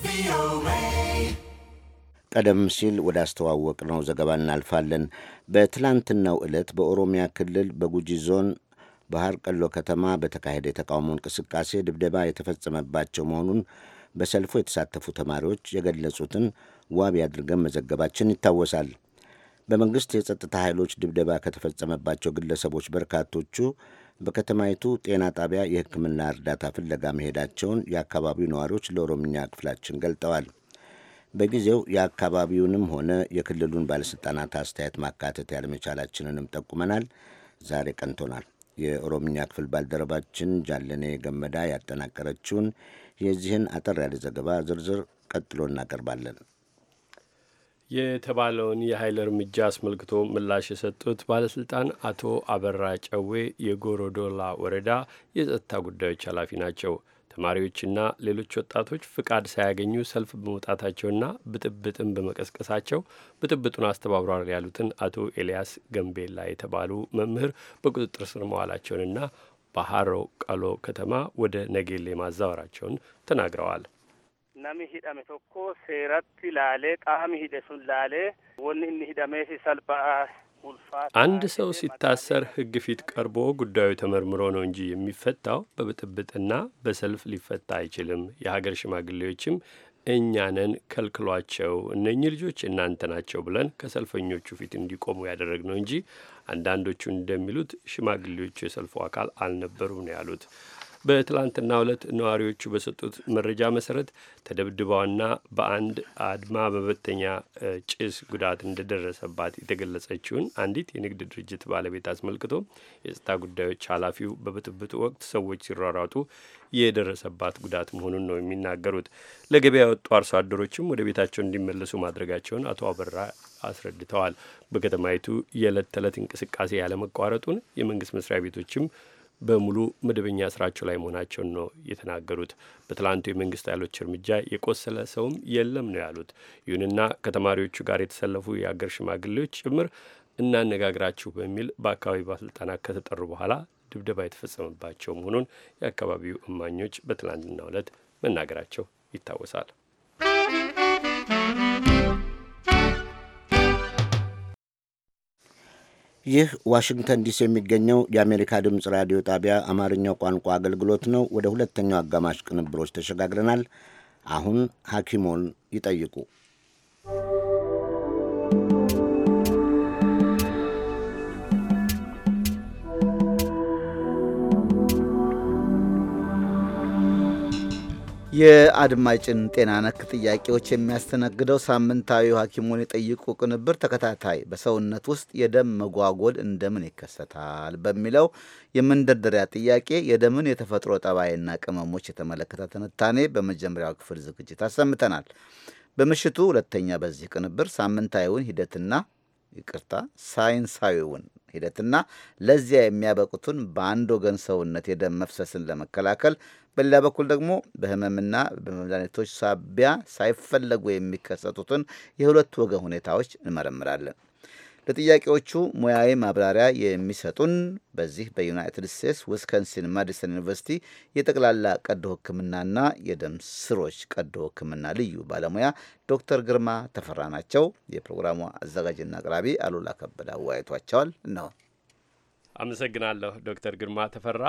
S9: VOA
S2: ቀደም ሲል ወደ አስተዋወቅ ነው ዘገባ እናልፋለን። በትላንትናው ዕለት በኦሮሚያ ክልል በጉጂ ዞን ባህር ቀሎ ከተማ በተካሄደ የተቃውሞ እንቅስቃሴ ድብደባ የተፈጸመባቸው መሆኑን በሰልፉ የተሳተፉ ተማሪዎች የገለጹትን ዋቢ አድርገን መዘገባችን ይታወሳል። በመንግሥት የጸጥታ ኃይሎች ድብደባ ከተፈጸመባቸው ግለሰቦች በርካቶቹ በከተማይቱ ጤና ጣቢያ የሕክምና እርዳታ ፍለጋ መሄዳቸውን የአካባቢው ነዋሪዎች ለኦሮምኛ ክፍላችን ገልጠዋል። በጊዜው የአካባቢውንም ሆነ የክልሉን ባለሥልጣናት አስተያየት ማካተት ያለመቻላችንንም ጠቁመናል። ዛሬ ቀንቶናል። የኦሮምኛ ክፍል ባልደረባችን ጃለኔ ገመዳ ያጠናቀረችውን የዚህን አጠር ያለ ዘገባ ዝርዝር ቀጥሎ እናቀርባለን።
S10: የተባለውን የኃይል እርምጃ አስመልክቶ ምላሽ የሰጡት ባለስልጣን አቶ አበራ ጨዌ የጎሮዶላ ወረዳ የጸጥታ ጉዳዮች ኃላፊ ናቸው። ተማሪዎችና ሌሎች ወጣቶች ፍቃድ ሳያገኙ ሰልፍ በመውጣታቸውና ብጥብጥን በመቀስቀሳቸው ብጥብጡን አስተባብሯል ያሉትን አቶ ኤልያስ ገንቤላ የተባሉ መምህር በቁጥጥር ስር መዋላቸውንና በሀሮ ቀሎ ከተማ ወደ ነጌሌ ማዛወራቸውን ተናግረዋል።
S9: ናሚ ሂዳሜ ቶኮ ሴራት ላሌ ቃሚ ሂደሱን ላሌ
S11: ወን ሂዳሜ ሰልባ
S10: አንድ ሰው ሲታሰር ሕግ ፊት ቀርቦ ጉዳዩ ተመርምሮ ነው እንጂ የሚፈታው በብጥብጥና በሰልፍ ሊፈታ አይችልም። የሀገር ሽማግሌዎችም እኛንን ከልክሏቸው እነኚህ ልጆች እናንተ ናቸው ብለን ከሰልፈኞቹ ፊት እንዲቆሙ ያደረግ ነው እንጂ አንዳንዶቹ እንደሚሉት ሽማግሌዎቹ የሰልፉ አካል አልነበሩም ነው ያሉት። በትላንትና ዕለት ነዋሪዎቹ በሰጡት መረጃ መሰረት ተደብድባዋና በአንድ አድማ በበተኛ ጭስ ጉዳት እንደደረሰባት የተገለጸችውን አንዲት የንግድ ድርጅት ባለቤት አስመልክቶ የጸጥታ ጉዳዮች ኃላፊው በብጥብጡ ወቅት ሰዎች ሲሯሯጡ የደረሰባት ጉዳት መሆኑን ነው የሚናገሩት። ለገበያ የወጡ አርሶ አደሮችም ወደ ቤታቸው እንዲመለሱ ማድረጋቸውን አቶ አበራ አስረድተዋል። በከተማይቱ የዕለት ተዕለት እንቅስቃሴ ያለመቋረጡን የመንግስት መስሪያ ቤቶችም በሙሉ መደበኛ ስራቸው ላይ መሆናቸውን ነው የተናገሩት። በትላንቱ የመንግስት ኃይሎች እርምጃ የቆሰለ ሰውም የለም ነው ያሉት። ይሁንና ከተማሪዎቹ ጋር የተሰለፉ የአገር ሽማግሌዎች ጭምር እናነጋግራችሁ በሚል በአካባቢ ባለስልጣናት ከተጠሩ በኋላ ድብደባ የተፈጸመባቸው መሆኑን የአካባቢው እማኞች በትላንትናው ዕለት መናገራቸው
S2: ይታወሳል። ይህ ዋሽንግተን ዲሲ የሚገኘው የአሜሪካ ድምፅ ራዲዮ ጣቢያ አማርኛው ቋንቋ አገልግሎት ነው። ወደ ሁለተኛው አጋማሽ ቅንብሮች ተሸጋግረናል። አሁን ሐኪሞን ይጠይቁ
S3: የአድማጭን ጤና ነክ ጥያቄዎች የሚያስተናግደው ሳምንታዊ ሐኪሙን የጠይቁ ቅንብር ተከታታይ በሰውነት ውስጥ የደም መጓጎል እንደምን ይከሰታል በሚለው የመንደርደሪያ ጥያቄ የደምን የተፈጥሮ ጠባይና ቅመሞች የተመለከተ ትንታኔ በመጀመሪያው ክፍል ዝግጅት አሰምተናል። በምሽቱ ሁለተኛ በዚህ ቅንብር ሳምንታዊውን ሂደትና ይቅርታ ሳይንሳዊውን ሂደትና ለዚያ የሚያበቁትን በአንድ ወገን ሰውነት የደም መፍሰስን ለመከላከል በሌላ በኩል ደግሞ በህመምና በመድኃኒቶች ሳቢያ ሳይፈለጉ የሚከሰቱትን የሁለት ወገን ሁኔታዎች እንመረምራለን። ለጥያቄዎቹ ሙያዊ ማብራሪያ የሚሰጡን በዚህ በዩናይትድ ስቴትስ ዊስከንሲን ማዲሰን ዩኒቨርሲቲ የጠቅላላ ቀዶ ሕክምናና የደም ስሮች ቀዶ ሕክምና ልዩ ባለሙያ ዶክተር ግርማ ተፈራ ናቸው። የፕሮግራሙ አዘጋጅና አቅራቢ አሉላ ከበደ አወያይቷቸዋል እነሆ።
S10: አመሰግናለሁ ዶክተር ግርማ ተፈራ።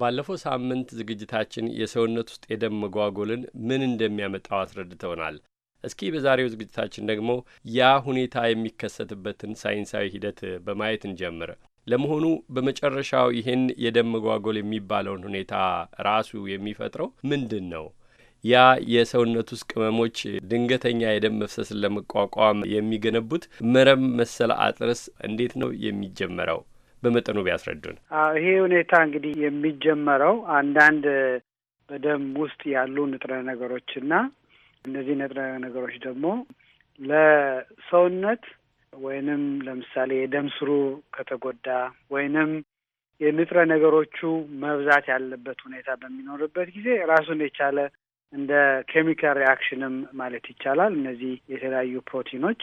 S10: ባለፈው ሳምንት ዝግጅታችን የሰውነት ውስጥ የደም መጓጎልን ምን እንደሚያመጣው አስረድተውናል። እስኪ በዛሬው ዝግጅታችን ደግሞ ያ ሁኔታ የሚከሰትበትን ሳይንሳዊ ሂደት በማየት እንጀምር። ለመሆኑ በመጨረሻው ይህን የደም መጓጎል የሚባለውን ሁኔታ ራሱ የሚፈጥረው ምንድን ነው? ያ የሰውነት ውስጥ ቅመሞች ድንገተኛ የደም መፍሰስን ለመቋቋም የሚገነቡት መረብ መሰል አጥርስ እንዴት ነው የሚጀመረው? በመጠኑ ቢያስረዱን።
S4: ይሄ ሁኔታ እንግዲህ የሚጀመረው አንዳንድ በደም ውስጥ ያሉ ንጥረ ነገሮችና እነዚህ ንጥረ ነገሮች ደግሞ ለሰውነት ወይንም ለምሳሌ የደም ስሩ ከተጎዳ ወይንም የንጥረ ነገሮቹ መብዛት ያለበት ሁኔታ በሚኖርበት ጊዜ ራሱን የቻለ እንደ ኬሚካል ሪያክሽንም ማለት ይቻላል። እነዚህ የተለያዩ ፕሮቲኖች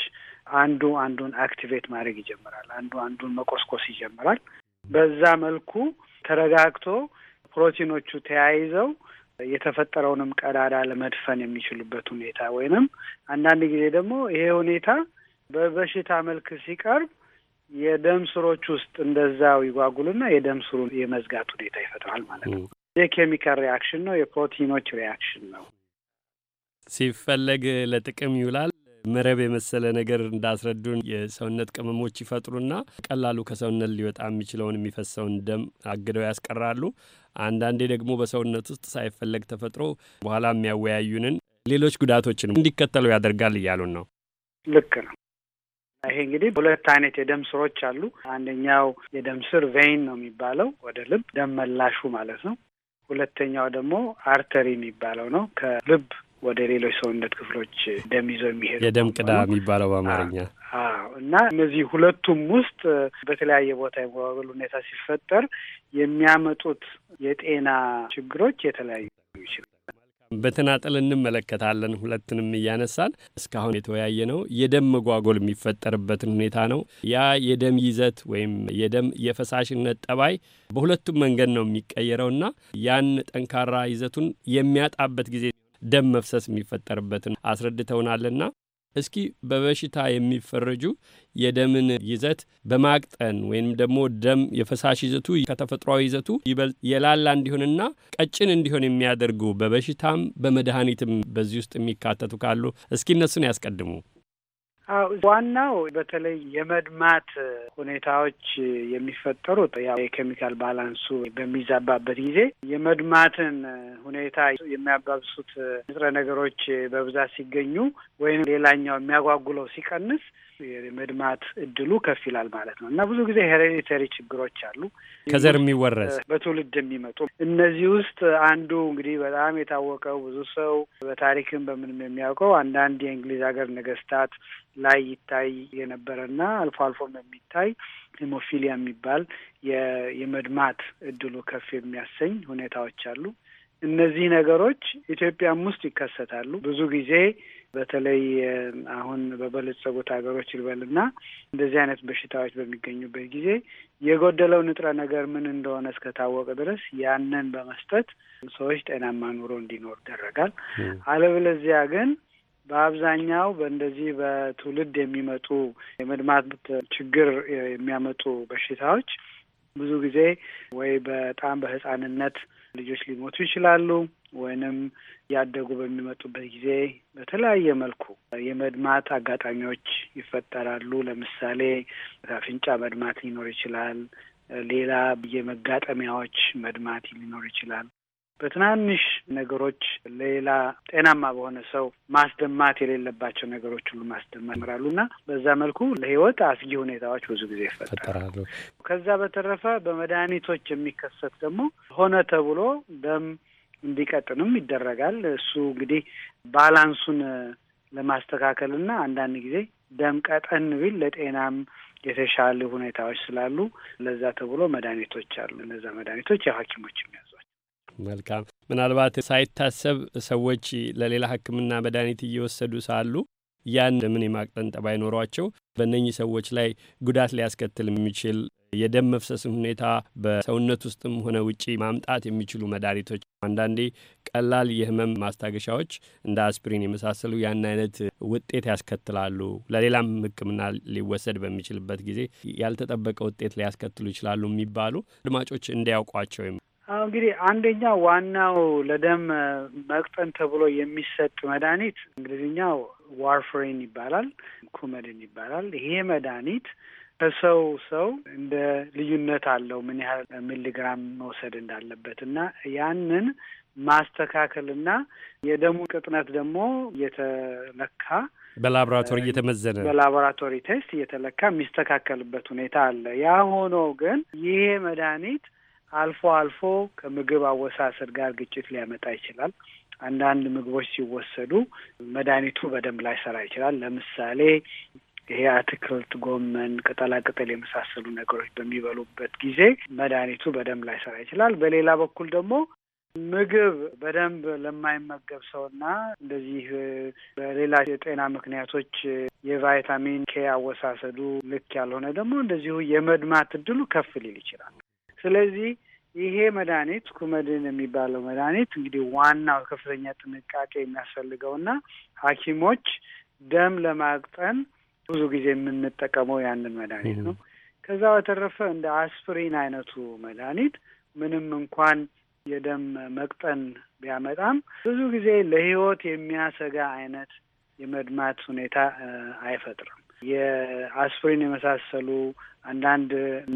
S4: አንዱ አንዱን አክቲቬት ማድረግ ይጀምራል። አንዱ አንዱን መቆስቆስ ይጀምራል። በዛ መልኩ ተረጋግቶ ፕሮቲኖቹ ተያይዘው የተፈጠረውንም ቀዳዳ ለመድፈን የሚችሉበት ሁኔታ ወይንም አንዳንድ ጊዜ ደግሞ ይሄ ሁኔታ በበሽታ መልክ ሲቀርብ የደም ስሮች ውስጥ እንደዛው ይጓጉልና የደም ስሩ የመዝጋት ሁኔታ ይፈጥራል ማለት ነው። የኬሚካል ሪያክሽን ነው፣ የፕሮቲኖች ሪያክሽን ነው።
S10: ሲፈለግ ለጥቅም ይውላል። መረብ የመሰለ ነገር እንዳስረዱን የሰውነት ቅመሞች ይፈጥሩና ቀላሉ ከሰውነት ሊወጣ የሚችለውን የሚፈሰውን ደም አግደው ያስቀራሉ። አንዳንዴ ደግሞ በሰውነት ውስጥ ሳይፈለግ ተፈጥሮ በኋላ የሚያወያዩንን ሌሎች ጉዳቶችንም እንዲከተሉ ያደርጋል እያሉን ነው።
S4: ልክ ነው። ይሄ እንግዲህ ሁለት አይነት የደም ስሮች አሉ። አንደኛው የደም ስር ቬይን ነው የሚባለው ወደ ልብ ደም መላሹ ማለት ነው። ሁለተኛው ደግሞ አርተሪ የሚባለው ነው ከልብ ወደ ሌሎች ሰውነት ክፍሎች ደም የሚሄዱ የደም ቅዳ
S10: የሚባለው በአማርኛ
S4: እና እነዚህ ሁለቱም ውስጥ በተለያየ ቦታ የመዋበል ሁኔታ ሲፈጠር የሚያመጡት የጤና ችግሮች የተለያዩ ይችላል።
S10: በተናጠል እንመለከታለን። ሁለትንም እያነሳን እስካሁን የተወያየ ነው የደም መጓጎል የሚፈጠርበትን ሁኔታ ነው። ያ የደም ይዘት ወይም የደም የፈሳሽነት ጠባይ በሁለቱም መንገድ ነው የሚቀየረውና ያን ጠንካራ ይዘቱን የሚያጣበት ጊዜ ደም መፍሰስ የሚፈጠርበትን አስረድተውናልና እስኪ በበሽታ የሚፈረጁ የደምን ይዘት በማቅጠን ወይም ደግሞ ደም የፈሳሽ ይዘቱ ከተፈጥሯዊ ይዘቱ ይበልጥ የላላ እንዲሆንና ቀጭን እንዲሆን የሚያደርጉ በበሽታም በመድኃኒትም በዚህ ውስጥ የሚካተቱ ካሉ እስኪ እነሱን ያስቀድሙ።
S4: ዋናው በተለይ የመድማት ሁኔታዎች የሚፈጠሩት ያው የኬሚካል ባላንሱ በሚዛባበት ጊዜ የመድማትን ሁኔታ የሚያባብሱት ንጥረ ነገሮች በብዛት ሲገኙ ወይም ሌላኛው የሚያጓጉለው ሲቀንስ የመድማት እድሉ ከፍ ይላል ማለት ነው እና ብዙ ጊዜ ሄሬዲተሪ ችግሮች አሉ፣
S10: ከዘር የሚወረስ
S4: በትውልድ የሚመጡ እነዚህ ውስጥ አንዱ እንግዲህ በጣም የታወቀው ብዙ ሰው በታሪክም በምንም የሚያውቀው አንዳንድ የእንግሊዝ ሀገር ነገስታት ላይ ይታይ የነበረና አልፎ አልፎም የሚታይ ሂሞፊሊያ የሚባል የመድማት እድሉ ከፍ የሚያሰኝ ሁኔታዎች አሉ። እነዚህ ነገሮች ኢትዮጵያም ውስጥ ይከሰታሉ ብዙ ጊዜ በተለይ አሁን በበለጸጉት ሀገሮች ይልበልና እንደዚህ አይነት በሽታዎች በሚገኙበት ጊዜ የጎደለው ንጥረ ነገር ምን እንደሆነ እስከታወቀ ድረስ ያንን በመስጠት ሰዎች ጤናማ ኑሮ እንዲኖር ይደረጋል። አለበለዚያ ግን በአብዛኛው በእንደዚህ በትውልድ የሚመጡ የመድማት ችግር የሚያመጡ በሽታዎች ብዙ ጊዜ ወይ በጣም በሕፃንነት ልጆች ሊሞቱ ይችላሉ ወይንም ያደጉ በሚመጡበት ጊዜ በተለያየ መልኩ የመድማት አጋጣሚዎች ይፈጠራሉ። ለምሳሌ አፍንጫ መድማት ሊኖር ይችላል። ሌላ የመጋጠሚያዎች መድማት ሊኖር ይችላል። በትናንሽ ነገሮች ሌላ ጤናማ በሆነ ሰው ማስደማት የሌለባቸው ነገሮች ሁሉ ማስደማት ይምራሉ እና በዛ መልኩ ለህይወት አስጊ ሁኔታዎች ብዙ ጊዜ
S9: ይፈጠራሉ።
S4: ከዛ በተረፈ በመድኃኒቶች የሚከሰት ደግሞ ሆነ ተብሎ ደም እንዲቀጥንም ይደረጋል። እሱ እንግዲህ ባላንሱን ለማስተካከል እና አንዳንድ ጊዜ ደም ቀጠን ቢል ለጤናም የተሻለ ሁኔታዎች ስላሉ ለዛ ተብሎ መድኃኒቶች አሉ። እነዛ መድኃኒቶች የሐኪሞች የሚያዙ
S10: መልካም። ምናልባት ሳይታሰብ ሰዎች ለሌላ ሕክምና መድኃኒት እየወሰዱ ሳሉ ያን ለምን የማቅጠን ጠባይ ኖሯቸው በእነኚህ ሰዎች ላይ ጉዳት ሊያስከትል የሚችል የደም መፍሰስም ሁኔታ በሰውነት ውስጥም ሆነ ውጪ ማምጣት የሚችሉ መድኃኒቶች አንዳንዴ ቀላል የህመም ማስታገሻዎች እንደ አስፕሪን የመሳሰሉ ያን አይነት ውጤት ያስከትላሉ። ለሌላም ህክምና ሊወሰድ በሚችልበት ጊዜ ያልተጠበቀ ውጤት ሊያስከትሉ ይችላሉ የሚባሉ አድማጮች እንዲያውቋቸው
S4: አሁ እንግዲህ አንደኛው ዋናው ለደም መቅጠን ተብሎ የሚሰጥ መድኃኒት እንግሊዝኛው ዋርፍሬን ይባላል፣ ኩመድን ይባላል። ይሄ መድኃኒት ከሰው ሰው እንደ ልዩነት አለው ምን ያህል ሚሊግራም መውሰድ እንዳለበት እና ያንን ማስተካከልና የደሙ ቅጥነት ደግሞ እየተለካ
S10: በላቦራቶሪ እየተመዘነ
S4: በላቦራቶሪ ቴስት እየተለካ የሚስተካከልበት ሁኔታ አለ። ያ ሆኖ ግን ይሄ መድኃኒት አልፎ አልፎ ከምግብ አወሳሰድ ጋር ግጭት ሊያመጣ ይችላል። አንዳንድ ምግቦች ሲወሰዱ መድኃኒቱ በደንብ ላይሰራ ይችላል። ለምሳሌ ይሄ አትክልት፣ ጎመን፣ ቅጠላቅጠል የመሳሰሉ ነገሮች በሚበሉበት ጊዜ መድኃኒቱ በደንብ ላይሰራ ይችላል። በሌላ በኩል ደግሞ ምግብ በደንብ ለማይመገብ ሰውና እንደዚህ በሌላ የጤና ምክንያቶች የቫይታሚን ኬ አወሳሰዱ ልክ ያልሆነ ደግሞ እንደዚሁ የመድማት እድሉ ከፍ ሊል ይችላል። ስለዚህ ይሄ መድኃኒት ኩመድን የሚባለው መድኃኒት እንግዲህ ዋናው ከፍተኛ ጥንቃቄ የሚያስፈልገው እና ሐኪሞች ደም ለማቅጠን ብዙ ጊዜ የምንጠቀመው ያንን መድኃኒት ነው። ከዛ በተረፈ እንደ አስፕሪን አይነቱ መድኃኒት ምንም እንኳን የደም መቅጠን ቢያመጣም ብዙ ጊዜ ለህይወት የሚያሰጋ አይነት የመድማት ሁኔታ አይፈጥርም። የአስፕሪን የመሳሰሉ አንዳንድ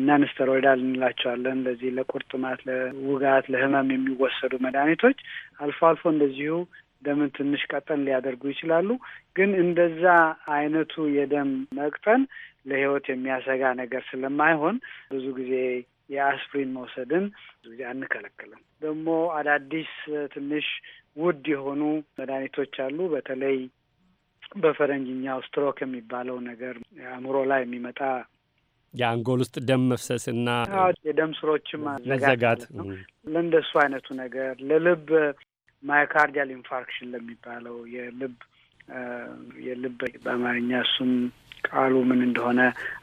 S4: ነንስተሮይዳል እንላቸዋለን እንደዚህ ለቁርጥማት፣ ለውጋት፣ ለህመም የሚወሰዱ መድኃኒቶች አልፎ አልፎ እንደዚሁ ደምን ትንሽ ቀጠን ሊያደርጉ ይችላሉ። ግን እንደዛ አይነቱ የደም መቅጠን ለህይወት የሚያሰጋ ነገር ስለማይሆን ብዙ ጊዜ የአስፕሪን መውሰድን ብዙ ጊዜ አንከለክልም። ደግሞ አዳዲስ ትንሽ ውድ የሆኑ መድኃኒቶች አሉ። በተለይ በፈረንጅኛው ስትሮክ የሚባለው ነገር አእምሮ ላይ የሚመጣ
S10: የአንጎል ውስጥ ደም መፍሰስና
S4: የደም ስሮችም መዘጋት ለእንደሱ አይነቱ ነገር ለልብ ማይካርዲያል ኢንፋርክሽን ለሚባለው የልብ የልብ በአማርኛ እሱም ቃሉ ምን እንደሆነ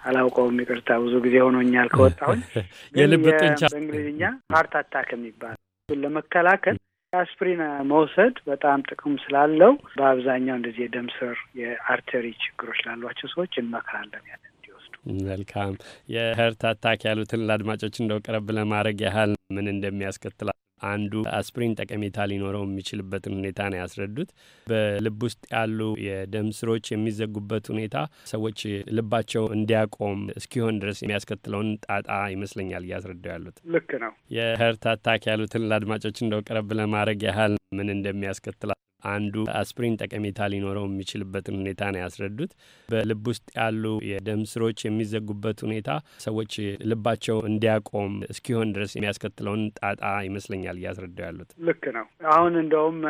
S4: አላውቀውም፣ ይቅርታ ብዙ ጊዜ ሆኖኛል ከወጣሁኝ። የልብ ጡንቻ በእንግሊዝኛ ሀርት አታክ የሚባለው ለመከላከል አስፕሪን መውሰድ በጣም ጥቅም ስላለው በአብዛኛው እንደዚህ የደም ስር የአርተሪ ችግሮች ላሏቸው ሰዎች እንመክራለን ያለ
S10: እንዲወስዱ። መልካም የህርት አታክ ያሉትን ለአድማጮች እንደው ቀረብ ለማድረግ ያህል ምን እንደሚያስከትል አንዱ አስፕሪን ጠቀሜታ ሊኖረው የሚችልበትን ሁኔታ ነው ያስረዱት። በልብ ውስጥ ያሉ የደም ስሮች የሚዘጉበት ሁኔታ ሰዎች ልባቸው እንዲያቆም እስኪሆን ድረስ የሚያስከትለውን ጣጣ ይመስለኛል እያስረዱ ያሉት። ልክ ነው። የህርት አታክ ያሉትን ለአድማጮች እንደው ቀረብ ለማድረግ ያህል ምን እንደሚያስከትላል አንዱ አስፕሪን ጠቀሜታ ሊኖረው የሚችልበትን ሁኔታ ነው ያስረዱት። በልብ ውስጥ ያሉ የደም ስሮች የሚዘጉበት ሁኔታ ሰዎች ልባቸው እንዲያቆም እስኪሆን ድረስ የሚያስከትለውን ጣጣ ይመስለኛል እያስረዱ ያሉት።
S4: ልክ ነው። አሁን እንደውም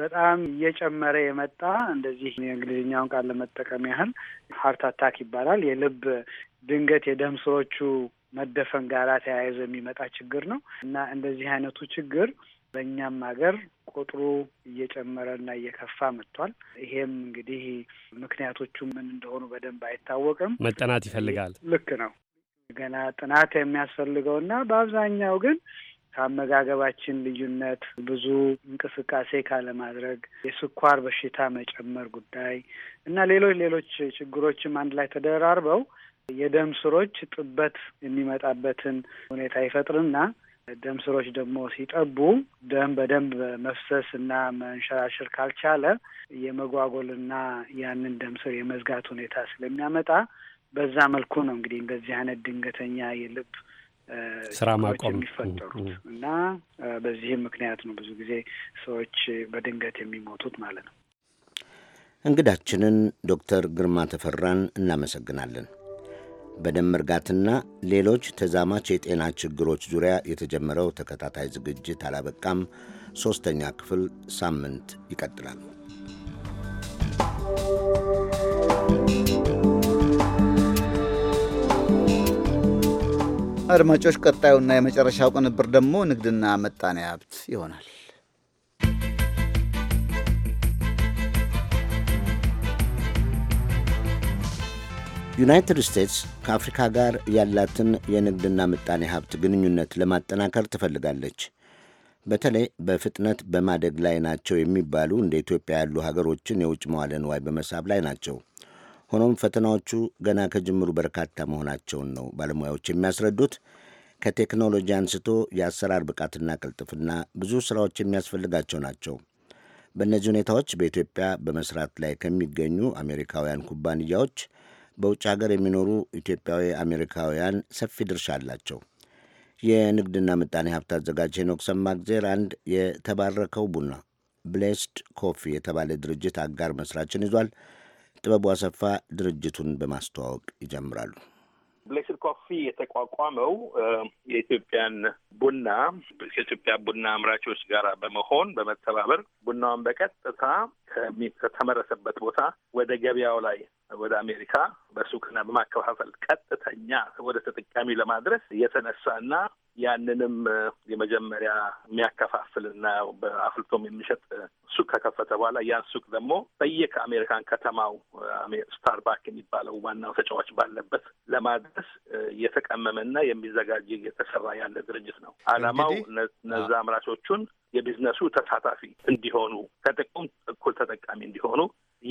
S4: በጣም እየጨመረ የመጣ እንደዚህ የእንግሊዝኛውን ቃል ለመጠቀም ያህል ሀርት አታክ ይባላል። የልብ ድንገት የደም ስሮቹ መደፈን ጋራ ተያይዞ የሚመጣ ችግር ነው እና እንደዚህ አይነቱ ችግር በእኛም ሀገር ቁጥሩ እየጨመረ ና እየከፋ መጥቷል። ይሄም እንግዲህ ምክንያቶቹ ምን እንደሆኑ በደንብ አይታወቅም፣
S10: መጠናት ይፈልጋል።
S4: ልክ ነው። ገና ጥናት የሚያስፈልገው ና በአብዛኛው ግን ከአመጋገባችን ልዩነት፣ ብዙ እንቅስቃሴ ካለማድረግ፣ የስኳር በሽታ መጨመር ጉዳይ እና ሌሎች ሌሎች ችግሮችም አንድ ላይ ተደራርበው የደም ስሮች ጥበት የሚመጣበትን ሁኔታ ይፈጥርና ደም ስሮች ደግሞ ሲጠቡ ደም በደንብ መፍሰስ እና መንሸራሸር ካልቻለ የመጓጎልና ያንን ደም ስር የመዝጋት ሁኔታ ስለሚያመጣ በዛ መልኩ ነው እንግዲህ እንደዚህ አይነት ድንገተኛ የልብ ስራ ማቆም የሚፈጠሩት እና በዚህም ምክንያት ነው ብዙ ጊዜ ሰዎች በድንገት የሚሞቱት ማለት ነው።
S2: እንግዳችንን ዶክተር ግርማ ተፈራን እናመሰግናለን። በደም እርጋትና ሌሎች ተዛማች የጤና ችግሮች ዙሪያ የተጀመረው ተከታታይ ዝግጅት አላበቃም። ሦስተኛ ክፍል ሳምንት ይቀጥላል።
S3: አድማጮች፣ ቀጣዩና የመጨረሻው ቅንብር ደግሞ ንግድና መጣኔ ሀብት ይሆናል።
S2: ዩናይትድ ስቴትስ ከአፍሪካ ጋር ያላትን የንግድና ምጣኔ ሀብት ግንኙነት ለማጠናከር ትፈልጋለች። በተለይ በፍጥነት በማደግ ላይ ናቸው የሚባሉ እንደ ኢትዮጵያ ያሉ ሀገሮችን የውጭ መዋለ ንዋይ በመሳብ ላይ ናቸው። ሆኖም ፈተናዎቹ ገና ከጅምሩ በርካታ መሆናቸውን ነው ባለሙያዎች የሚያስረዱት። ከቴክኖሎጂ አንስቶ የአሰራር ብቃትና ቅልጥፍና ብዙ ስራዎች የሚያስፈልጋቸው ናቸው። በእነዚህ ሁኔታዎች በኢትዮጵያ በመስራት ላይ ከሚገኙ አሜሪካውያን ኩባንያዎች በውጭ ሀገር የሚኖሩ ኢትዮጵያዊ አሜሪካውያን ሰፊ ድርሻ አላቸው። የንግድና ምጣኔ ሀብት አዘጋጅ ሄኖክ ሰማግዜር አንድ የተባረከው ቡና ብሌስድ ኮፊ የተባለ ድርጅት አጋር መስራችን ይዟል። ጥበቡ አሰፋ ድርጅቱን በማስተዋወቅ ይጀምራሉ።
S11: ብሌክስድ ኮፊ የተቋቋመው የኢትዮጵያን ቡና ከኢትዮጵያ ቡና አምራቾች ጋር በመሆን በመተባበር ቡናውን በቀጥታ ከተመረሰበት ቦታ ወደ ገበያው ላይ ወደ አሜሪካ በሱቅና በማከፋፈል ቀጥተኛ ወደ ተጠቃሚ ለማድረስ የተነሳና ያንንም የመጀመሪያ የሚያከፋፍልና አፍልቶም የሚሸጥ ሱቅ ከከፈተ በኋላ ያን ሱቅ ደግሞ በየከ አሜሪካን ከተማው ስታርባክ የሚባለው ዋናው ተጫዋች ባለበት ለማድረስ የተቀመመና የሚዘጋጅ እየተሰራ ያለ ድርጅት ነው። አላማው እነዛ አምራቾቹን የቢዝነሱ ተሳታፊ እንዲሆኑ ከጥቅሙም እኩል ተጠቃሚ እንዲሆኑ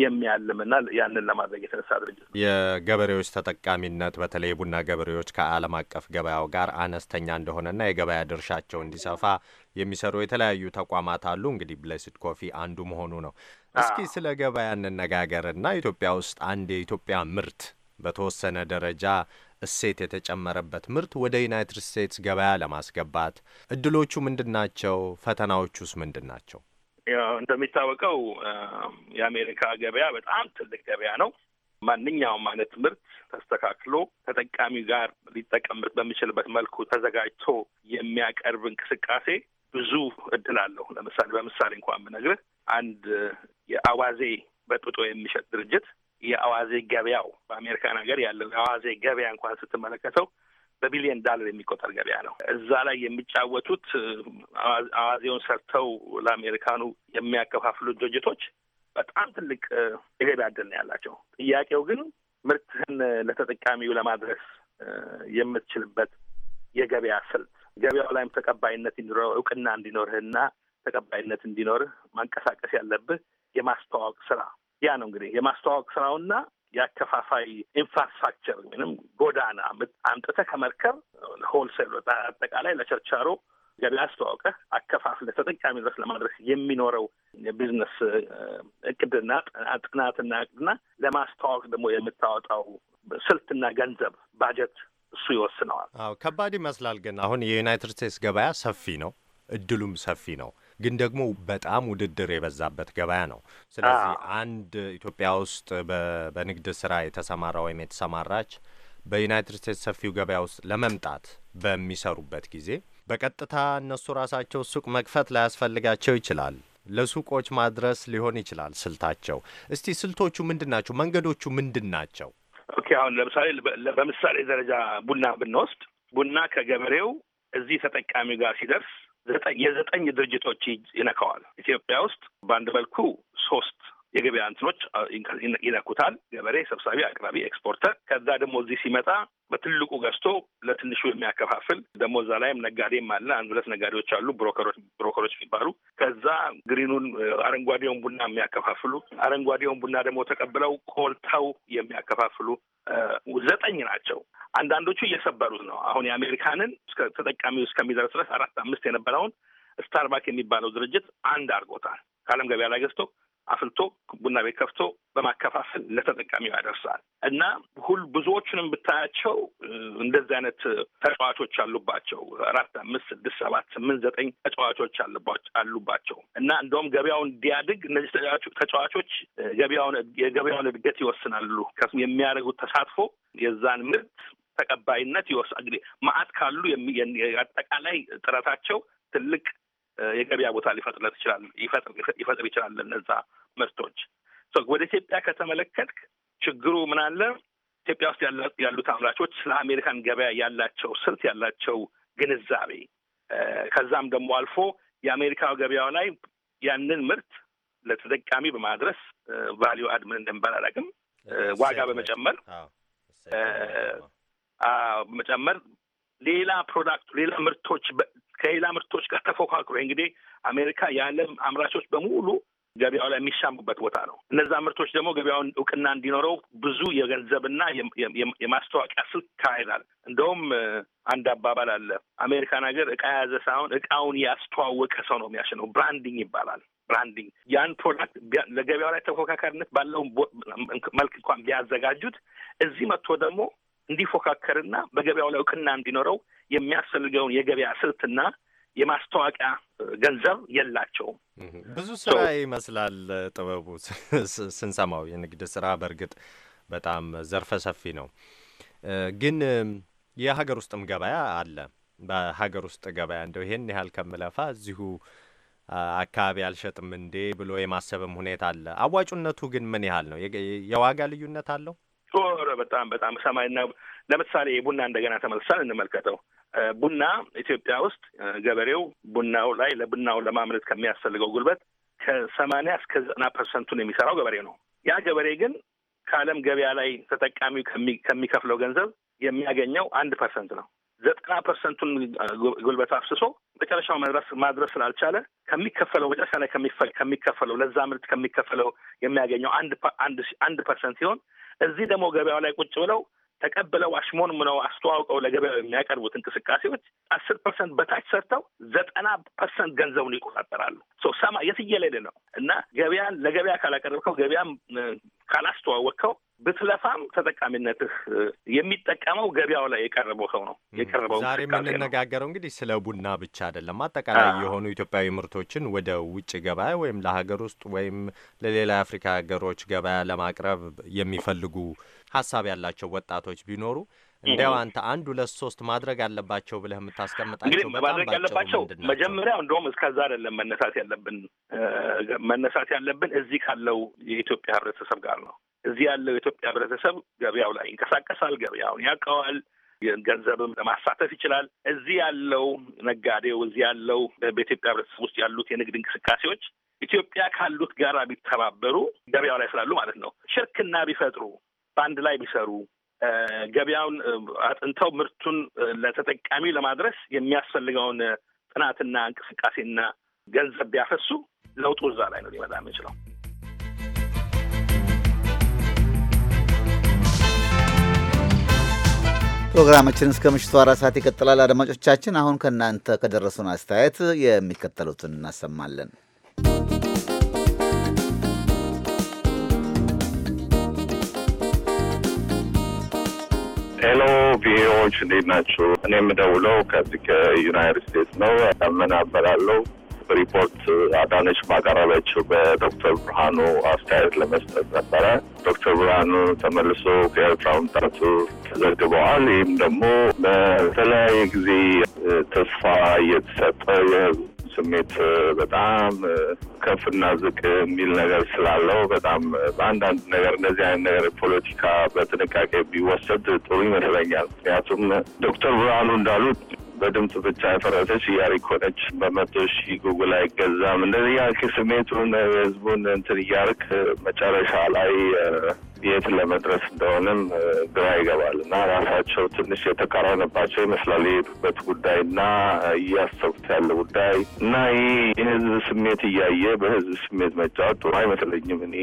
S11: የሚያልምና ያንን ለማድረግ የተነሳ ድርጅት
S12: ነው። የገበሬዎች ተጠቃሚነት በተለይ የቡና ገበሬዎች ከዓለም አቀፍ ገበያው ጋር አነስተኛ እንደሆነና የገበያ ድርሻቸው እንዲሰፋ የሚሰሩ የተለያዩ ተቋማት አሉ። እንግዲህ ብሌስድ ኮፊ አንዱ መሆኑ ነው። እስኪ ስለ ገበያ እንነጋገርና ኢትዮጵያ ውስጥ አንድ የኢትዮጵያ ምርት በተወሰነ ደረጃ እሴት የተጨመረበት ምርት ወደ ዩናይትድ ስቴትስ ገበያ ለማስገባት እድሎቹ ምንድን ናቸው? ፈተናዎቹስ ምንድን ናቸው?
S11: እንደሚታወቀው የአሜሪካ ገበያ በጣም ትልቅ ገበያ ነው። ማንኛውም አይነት ምርት ተስተካክሎ ተጠቃሚ ጋር ሊጠቀምበት በሚችልበት መልኩ ተዘጋጅቶ የሚያቀርብ እንቅስቃሴ ብዙ እድል አለው። ለምሳሌ በምሳሌ እንኳን ብነግርህ አንድ የአዋዜ በጥጦ የሚሸጥ ድርጅት የአዋዜ ገበያው በአሜሪካን ሀገር ያለው የአዋዜ ገበያ እንኳን ስትመለከተው በቢሊዮን ዳለር የሚቆጠር ገበያ ነው። እዛ ላይ የሚጫወቱት አዋዜውን ሰርተው ለአሜሪካኑ የሚያከፋፍሉት ድርጅቶች በጣም ትልቅ የገበያ ዕድል ነው ያላቸው። ጥያቄው ግን ምርትህን ለተጠቃሚው ለማድረስ የምትችልበት የገበያ ስልት ገበያው ላይም ተቀባይነት እንዲኖረው እውቅና እንዲኖርህና ተቀባይነት እንዲኖርህ ማንቀሳቀስ ያለብህ የማስተዋወቅ ስራ ያ ነው እንግዲህ የማስተዋወቅ ስራውና የአከፋፋይ ኢንፍራስትራክቸር ወይም ጎዳና አምጥተህ ከመርከብ ሆልሴል አጠቃላይ ለቸርቻሮ ገበያ አስተዋውቀ አከፋፍ ለተጠቃሚ ድረስ ለማድረስ የሚኖረው የቢዝነስ እቅድና ጥናትና እቅድና ለማስተዋወቅ ደግሞ የምታወጣው ስልትና ገንዘብ ባጀት እሱ ይወስነዋል።
S12: አዎ ከባድ ይመስላል። ግን አሁን የዩናይትድ ስቴትስ ገበያ ሰፊ ነው፣ እድሉም ሰፊ ነው። ግን ደግሞ በጣም ውድድር የበዛበት ገበያ ነው። ስለዚህ አንድ ኢትዮጵያ ውስጥ በንግድ ስራ የተሰማራ ወይም የተሰማራች በዩናይትድ ስቴትስ ሰፊው ገበያ ውስጥ ለመምጣት በሚሰሩበት ጊዜ በቀጥታ እነሱ ራሳቸው ሱቅ መክፈት ላያስፈልጋቸው ይችላል። ለሱቆች ማድረስ ሊሆን ይችላል ስልታቸው። እስቲ ስልቶቹ ምንድን ናቸው? መንገዶቹ ምንድን ናቸው?
S11: ኦኬ፣ አሁን ለምሳሌ በምሳሌ ደረጃ ቡና ብንወስድ ቡና ከገበሬው እዚህ ተጠቃሚው ጋር ሲደርስ የዘጠኝ ድርጅቶች ይነካዋል። ኢትዮጵያ ውስጥ በአንድ መልኩ ሶስት የገበያ እንትኖች ይነኩታል። ገበሬ፣ ሰብሳቢ፣ አቅራቢ፣ ኤክስፖርተር ከዛ ደግሞ እዚህ ሲመጣ በትልቁ ገዝቶ ለትንሹ የሚያከፋፍል ደግሞ እዛ ላይም ነጋዴም አለ። አንድ ሁለት ነጋዴዎች አሉ፣ ብሮከሮች የሚባሉ ከዛ ግሪኑን አረንጓዴውን ቡና የሚያከፋፍሉ አረንጓዴውን ቡና ደግሞ ተቀብለው ቆልተው የሚያከፋፍሉ ዘጠኝ ናቸው። አንዳንዶቹ እየሰበሩት ነው። አሁን የአሜሪካንን ተጠቃሚው እስከሚደርስ ድረስ አራት አምስት የነበረውን ስታርባክ የሚባለው ድርጅት አንድ አድርጎታል። ከዓለም ገበያ ላይ ገዝቶ አፍልቶ ቡና ቤት ከፍቶ በማከፋፈል ለተጠቃሚው ያደርሳል እና ሁል ብዙዎቹንም ብታያቸው እንደዚህ አይነት ተጫዋቾች አሉባቸው። አራት፣ አምስት፣ ስድስት፣ ሰባት፣ ስምንት፣ ዘጠኝ ተጫዋቾች አሉባቸው እና እንደውም ገበያውን እንዲያድግ እነዚህ ተጫዋቾች ገበያውን የገበያውን እድገት ይወስናሉ። የሚያደርጉት ተሳትፎ የዛን ምርት ተቀባይነት ይወስ ማአት ካሉ አጠቃላይ ጥረታቸው ትልቅ የገበያ ቦታ ሊፈጥርለት ይችላል ይፈጥር ይችላል እነዛ ምርቶች። ወደ ኢትዮጵያ ከተመለከትክ ችግሩ ምን አለ? ኢትዮጵያ ውስጥ ያሉት አምራቾች ስለ አሜሪካን ገበያ ያላቸው ስልት ያላቸው ግንዛቤ ከዛም ደግሞ አልፎ የአሜሪካ ገበያው ላይ ያንን ምርት ለተጠቃሚ በማድረስ ቫሊዩ አድ ምን እንደሚባል ዋጋ በመጨመር በመጨመር ሌላ ፕሮዳክቱ ሌላ ምርቶች ከሌላ ምርቶች ጋር ተፎካክሮ እንግዲህ አሜሪካ የዓለም አምራቾች በሙሉ ገበያው ላይ የሚሻሙበት ቦታ ነው። እነዛ ምርቶች ደግሞ ገበያውን እውቅና እንዲኖረው ብዙ የገንዘብና የማስታወቂያ ስልት ካሄዳል። እንደውም አንድ አባባል አለ። አሜሪካን ሀገር እቃ የያዘ ሳይሆን እቃውን ያስተዋወቀ ሰው ነው የሚያሸነው። ብራንዲንግ ይባላል። ብራንዲንግ ያን ፕሮዳክት ለገበያው ላይ ተፎካካሪነት ባለው መልክ እንኳን ቢያዘጋጁት እዚህ መጥቶ ደግሞ እንዲፎካከርና በገበያው ላይ እውቅና እንዲኖረው የሚያስፈልገውን የገበያ ስልትና የማስታወቂያ ገንዘብ የላቸውም።
S12: ብዙ ስራ ይመስላል ጥበቡ ስንሰማው። የንግድ ስራ በእርግጥ በጣም ዘርፈ ሰፊ ነው፣ ግን የሀገር ውስጥም ገበያ አለ። በሀገር ውስጥ ገበያ እንደው ይሄን ያህል ከምለፋ እዚሁ አካባቢ አልሸጥም እንዴ ብሎ የማሰብም ሁኔታ አለ። አዋጩነቱ ግን ምን ያህል ነው? የዋጋ ልዩነት አለው?
S11: ጦር በጣም በጣም ሰማይና ለምሳሌ ቡና እንደገና ተመልሳል እንመልከተው። ቡና ኢትዮጵያ ውስጥ ገበሬው ቡናው ላይ ለቡናው ለማምረት ከሚያስፈልገው ጉልበት ከሰማንያ እስከ ዘጠና ፐርሰንቱን የሚሰራው ገበሬ ነው። ያ ገበሬ ግን ከዓለም ገበያ ላይ ተጠቃሚው ከሚከፍለው ገንዘብ የሚያገኘው አንድ ፐርሰንት ነው። ዘጠና ፐርሰንቱን ጉልበት አፍስሶ መጨረሻው መድረስ ማድረስ ስላልቻለ ከሚከፈለው መጨረሻ ላይ ከሚከፈለው ለዛ ምርት ከሚከፈለው የሚያገኘው አንድ አንድ ፐርሰንት ሲሆን እዚህ ደግሞ ገበያው ላይ ቁጭ ብለው ተቀብለው አሽሞን ምነው አስተዋውቀው ለገበያ የሚያቀርቡት እንቅስቃሴዎች አስር ፐርሰንት በታች ሰርተው ዘጠና ፐርሰንት ገንዘቡን ይቆጣጠራሉ። ሰማ የትየለሌ ነው እና ገበያን ለገበያ ካላቀረብከው ገበያም ካላስተዋወቅከው ብትለፋም ተጠቃሚነትህ የሚጠቀመው ገበያው ላይ የቀረበው ሰው ነው የቀረበው። ዛሬ የምንነጋገረው
S12: እንግዲህ ስለ ቡና ብቻ አይደለም። አጠቃላይ የሆኑ ኢትዮጵያዊ ምርቶችን ወደ ውጭ ገበያ ወይም ለሀገር ውስጥ ወይም ለሌላ የአፍሪካ ሀገሮች ገበያ ለማቅረብ የሚፈልጉ ሀሳብ ያላቸው ወጣቶች ቢኖሩ እንዲያው አንተ አንድ ሁለት ሶስት ማድረግ አለባቸው ብለህ የምታስቀምጣቸው እንግዲህ ማድረግ ያለባቸው መጀመሪያው
S11: እንደውም እስከዛ አይደለም መነሳት ያለብን መነሳት ያለብን እዚህ ካለው የኢትዮጵያ ህብረተሰብ ጋር ነው እዚህ ያለው የኢትዮጵያ ህብረተሰብ ገበያው ላይ ይንቀሳቀሳል፣ ገበያውን ያውቀዋል፣ ገንዘብም ለማሳተፍ ይችላል። እዚህ ያለው ነጋዴው፣ እዚህ ያለው በኢትዮጵያ ህብረተሰብ ውስጥ ያሉት የንግድ እንቅስቃሴዎች ኢትዮጵያ ካሉት ጋራ ቢተባበሩ ገበያው ላይ ስላሉ ማለት ነው ሽርክና ቢፈጥሩ በአንድ ላይ ቢሰሩ ገበያውን አጥንተው ምርቱን ለተጠቃሚ ለማድረስ የሚያስፈልገውን ጥናትና እንቅስቃሴና ገንዘብ ቢያፈሱ ለውጡ እዛ ላይ ነው ሊመጣ የምችለው።
S3: ፕሮግራማችን እስከ ምሽቱ አራት ሰዓት ይቀጥላል። አድማጮቻችን፣ አሁን ከእናንተ ከደረሱን አስተያየት የሚከተሉትን እናሰማለን።
S13: ሄሎ ቪኦኤዎች እንዴት ናቸው? እኔ የምደውለው ከዚህ ከዩናይትድ ስቴትስ ነው። ምን እባላለሁ። ሪፖርት አዳነች ባቀረበችው በዶክተር ብርሃኑ አስተያየት ለመስጠት ነበረ። ዶክተር ብርሃኑ ተመልሶ ከኤርትራ መምጣቱ ተዘግበዋል። ይህም ደግሞ በተለያየ ጊዜ ተስፋ እየተሰጠ ስሜት በጣም ከፍና ዝቅ የሚል ነገር ስላለው በጣም በአንዳንድ ነገር እንደዚህ አይነት ነገር ፖለቲካ በጥንቃቄ ቢወሰድ ጥሩ ይመስለኛል። ምክንያቱም ዶክተር ብርሃኑ እንዳሉት በድምፅ ብቻ የፈረሰች እያሪኮነች በመቶ ሺ ጉጉል አይገዛም። እንደዚህ ያልክ ስሜቱን ህዝቡን እንትን እያርክ መጨረሻ ላይ የት ለመድረስ እንደሆነም ግራ ይገባል እና ራሳቸው ትንሽ የተቃረነባቸው ይመስላል የሄዱበት ጉዳይ እና እያሰቡት ያለ ጉዳይ እና ይህ የህዝብ ስሜት እያየ በህዝብ ስሜት መጫወት ጥሩ አይመስለኝም። እኔ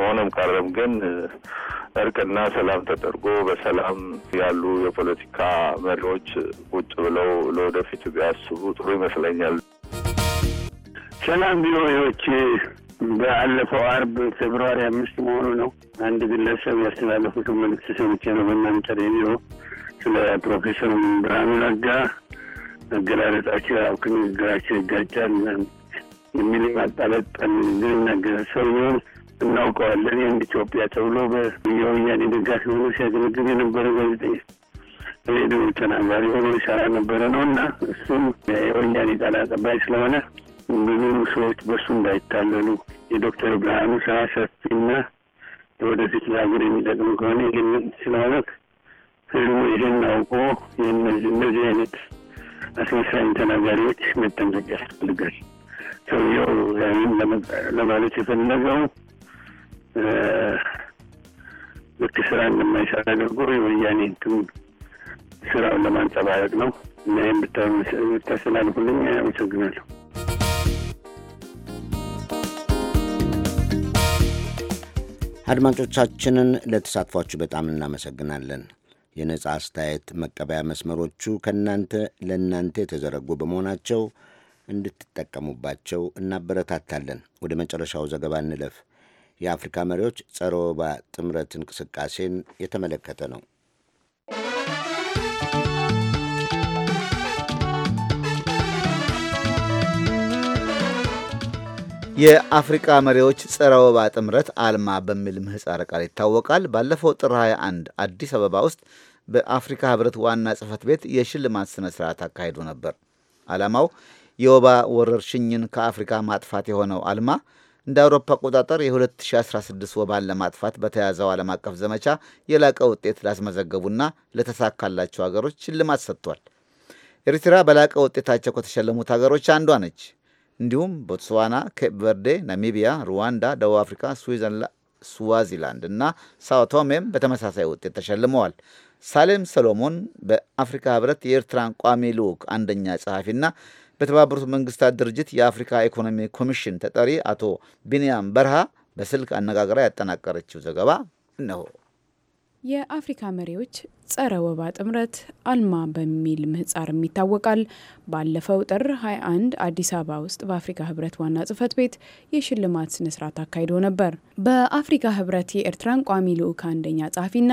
S13: ሆነም ቀረም ግን እርቅና ሰላም ተደርጎ በሰላም ያሉ የፖለቲካ መሪዎች ቁጭ ብለው ለወደፊቱ ቢያስቡ ጥሩ
S9: ይመስለኛል። ሰላም ቢሮዎቼ በአለፈው አርብ ፌብርዋሪ አምስት መሆኑ ነው። አንድ ግለሰብ ያስተላለፉትን መልዕክት ሰምቼ ነው በእናንተ ሬዲዮ ስለ ፕሮፌሰር ብርሃኑ ነጋ አገላለጣቸው ያው ከንግግራቸው ይጋጫል የሚል ማጣለጠን ግን ነገር ሰው እናውቀዋለን። የአንድ ኢትዮጵያ ተብሎ የወያኔ ደጋፊ ሆኖ ሲያገለግል የነበረ ጋዜጠኛ ሬዲዮ ተናጋሪ ሆኖ ይሰራ ነበረ ነው እና እሱም የወያኔ ቃል አቀባይ ስለሆነ ብዙ ሰዎች በእሱ እንዳይታለሉ የዶክተር ብርሃኑ ስራ ሰፊና ወደፊት ለሀገር የሚጠቅም ከሆነ ይህን ስላለት ህዝቡ ይህን አውቆ እነዚህ አይነት አስመሳኝ ተናጋሪዎች መጠንቀቅ ያስፈልጋል። ሰውየው ለማለት የፈለገው ልክ ስራ እንደማይሰራ አድርጎ የወያኔ እንትን ስራውን ለማንጸባረቅ ነው እና ብታስተላልፉልኝ አመሰግናለሁ።
S2: አድማጮቻችንን ለተሳትፏችሁ በጣም እናመሰግናለን። የነጻ አስተያየት መቀበያ መስመሮቹ ከእናንተ ለእናንተ የተዘረጉ በመሆናቸው እንድትጠቀሙባቸው እናበረታታለን። ወደ መጨረሻው ዘገባ እንለፍ። የአፍሪካ መሪዎች ጸረ ወባ ጥምረት እንቅስቃሴን የተመለከተ ነው።
S3: የአፍሪቃ መሪዎች ጸረ ወባ ጥምረት አልማ በሚል ምህፃረ ቃል ይታወቃል። ባለፈው ጥር 21 አዲስ አበባ ውስጥ በአፍሪካ ህብረት ዋና ጽህፈት ቤት የሽልማት ስነ ስርዓት አካሂዶ ነበር። ዓላማው የወባ ወረርሽኝን ከአፍሪካ ማጥፋት የሆነው አልማ እንደ አውሮፓ አቆጣጠር የ2016 ወባን ለማጥፋት በተያዘው ዓለም አቀፍ ዘመቻ የላቀ ውጤት ላስመዘገቡና ለተሳካላቸው ሀገሮች ሽልማት ሰጥቷል። ኤርትራ በላቀ ውጤታቸው ከተሸለሙት ሀገሮች አንዷ ነች። እንዲሁም ቦትስዋና፣ ኬፕ ቨርዴ፣ ናሚቢያ፣ ሩዋንዳ፣ ደቡብ አፍሪካ፣ ስዋዚላንድ እና ሳውቶሜም በተመሳሳይ ውጤት ተሸልመዋል። ሳሌም ሰሎሞን በአፍሪካ ህብረት የኤርትራን ቋሚ ልዑክ አንደኛ ጸሐፊና በተባበሩት መንግስታት ድርጅት የአፍሪካ ኢኮኖሚ ኮሚሽን ተጠሪ አቶ ቢንያም በርሃ በስልክ አነጋግራ ያጠናቀረችው ዘገባ እነሆ።
S14: የአፍሪካ መሪዎች ጸረ ወባ ጥምረት አልማ በሚል ምህጻርም ይታወቃል። ባለፈው ጥር 21 አዲስ አበባ ውስጥ በአፍሪካ ህብረት ዋና ጽህፈት ቤት የሽልማት ስነስርዓት አካሂዶ ነበር። በአፍሪካ ህብረት የኤርትራን ቋሚ ልዑክ አንደኛ ጸሐፊና